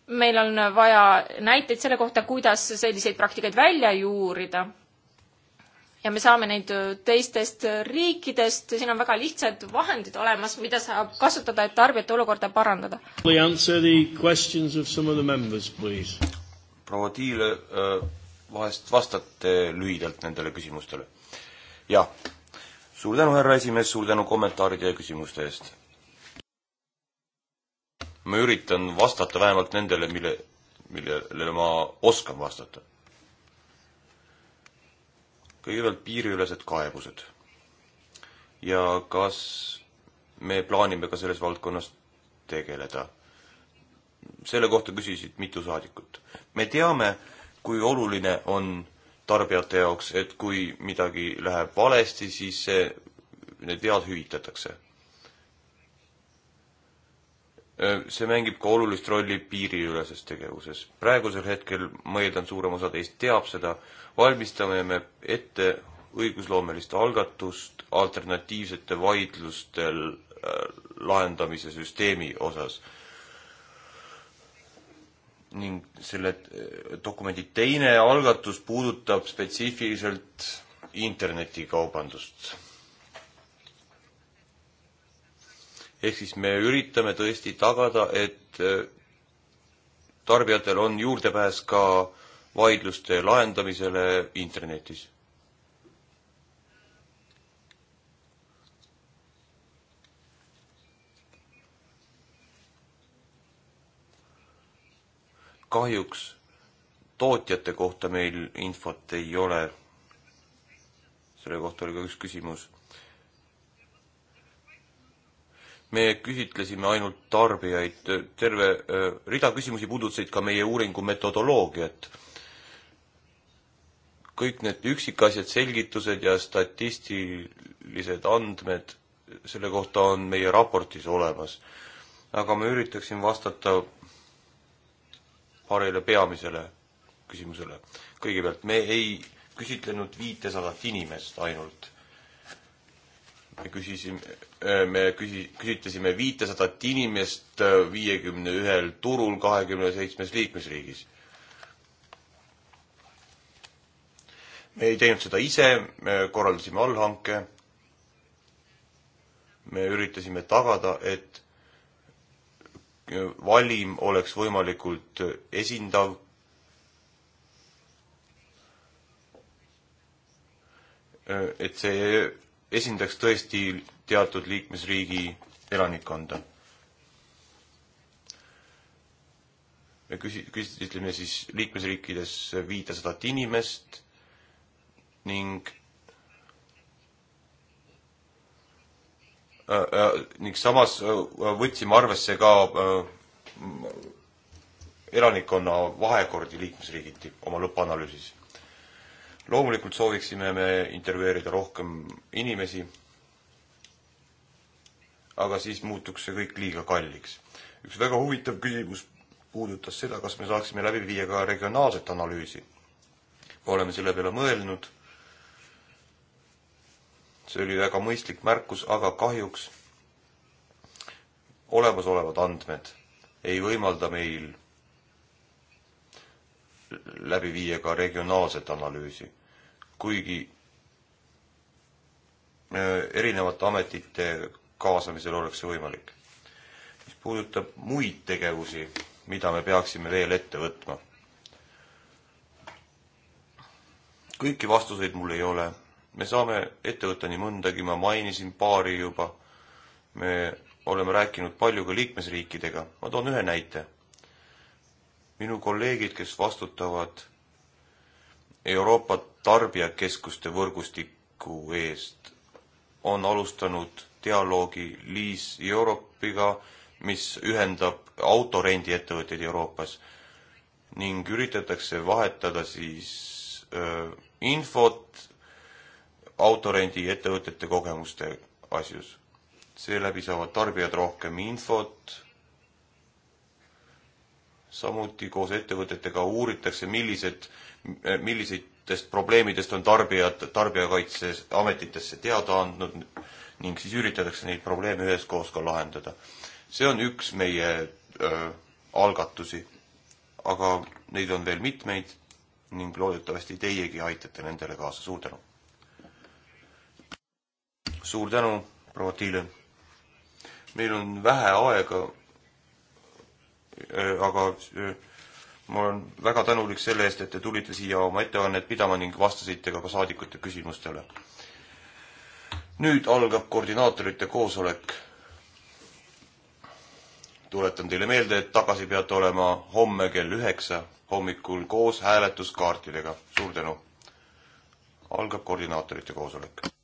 meil on vaja näiteid selle kohta, kuidas selliseid praktikaid välja juurida. ja me saame neid teistest riikidest, siin on väga lihtsad vahendid olemas, mida saab kasutada, et tarbijate olukorda parandada. proua Tiil, äh, vahest vastate lühidalt nendele küsimustele? jah. suur tänu, härra esimees, suur tänu kommentaaride ja küsimuste eest ma üritan vastata vähemalt nendele, mille, millele ma oskan vastata. kõigepealt piiriülesed kaebused. ja kas me plaanime ka selles valdkonnas tegeleda? selle kohta küsisid mitu saadikut. me teame, kui oluline on tarbijate jaoks, et kui midagi läheb valesti, siis see, need vead hüvitatakse see mängib ka olulist rolli piiriüleses tegevuses. praegusel hetkel, ma eeldan, suurem osa teist teab seda, valmistame me ette õigusloomelist algatust alternatiivsete vaidluste lahendamise süsteemi osas. ning selle dokumendi teine algatus puudutab spetsiifiliselt internetikaubandust ehk siis me üritame tõesti tagada, et äh, tarbijatel on juurdepääs ka vaidluste lahendamisele internetis. kahjuks tootjate kohta meil infot ei ole. selle kohta oli ka üks küsimus me küsitlesime ainult tarbijaid, terve äh, rida küsimusi puudutasid ka meie uuringu metodoloogiat. kõik need üksikasjad, selgitused ja statistilised andmed selle kohta on meie raportis olemas. aga ma üritaksin vastata paarile peamisele küsimusele. kõigepealt, me ei küsitlenud viitesadat inimest ainult me küsisime, äh, me küsi-, küsitlesime viitesadat inimest äh, viiekümne ühel turul kahekümne seitsmes liikmesriigis. me ei teinud seda ise, me korraldasime allhanke, me üritasime tagada, et valim oleks võimalikult esindav äh, et see esindaks tõesti teatud liikmesriigi elanikkonda. me küsi-, küsitleme siis liikmesriikides viitesadat inimest ning äh, äh, ning samas äh, võtsime arvesse ka äh, elanikkonna vahekordi liikmesriigiti oma lõppanalüüsis loomulikult sooviksime me intervjueerida rohkem inimesi, aga siis muutuks see kõik liiga kalliks. üks väga huvitav küsimus puudutas seda, kas me saaksime läbi viia ka regionaalset analüüsi. oleme selle peale mõelnud. see oli väga mõistlik märkus, aga kahjuks olemasolevad andmed ei võimalda meil läbi viia ka regionaalset analüüsi kuigi äh, erinevate ametite kaasamisel oleks see võimalik. mis puudutab muid tegevusi, mida me peaksime veel ette võtma. kõiki vastuseid mul ei ole. me saame ette võtta nii mõndagi, ma mainisin paari juba. me oleme rääkinud palju ka liikmesriikidega, ma toon ühe näite. minu kolleegid, kes vastutavad Euroopa tarbijakeskuste võrgustiku eest on alustanud dialoogi Liis Europiga, mis ühendab autorendiettevõtteid Euroopas ning üritatakse vahetada siis öö, infot autorendiettevõtete kogemuste asjus. seeläbi saavad tarbijad rohkem infot, samuti koos ettevõtetega uuritakse, millised öö, Eh, millisest probleemidest on tarbijad Tarbijakaitseametitesse teada andnud ning siis üritatakse neid probleeme üheskoos ka lahendada. see on üks meie öö, algatusi, aga neid on veel mitmeid ning loodetavasti teiegi aitate nendele kaasa, suur tänu! suur tänu, proua Tiile! meil on vähe aega, aga öö, ma olen väga tänulik selle eest, et te tulite siia oma ettekannet pidama ning vastasite ka, ka saadikute küsimustele. nüüd algab koordinaatorite koosolek. tuletan teile meelde, et tagasi peate olema homme kell üheksa hommikul koos hääletuskaartidega. suur tänu. algab koordinaatorite koosolek.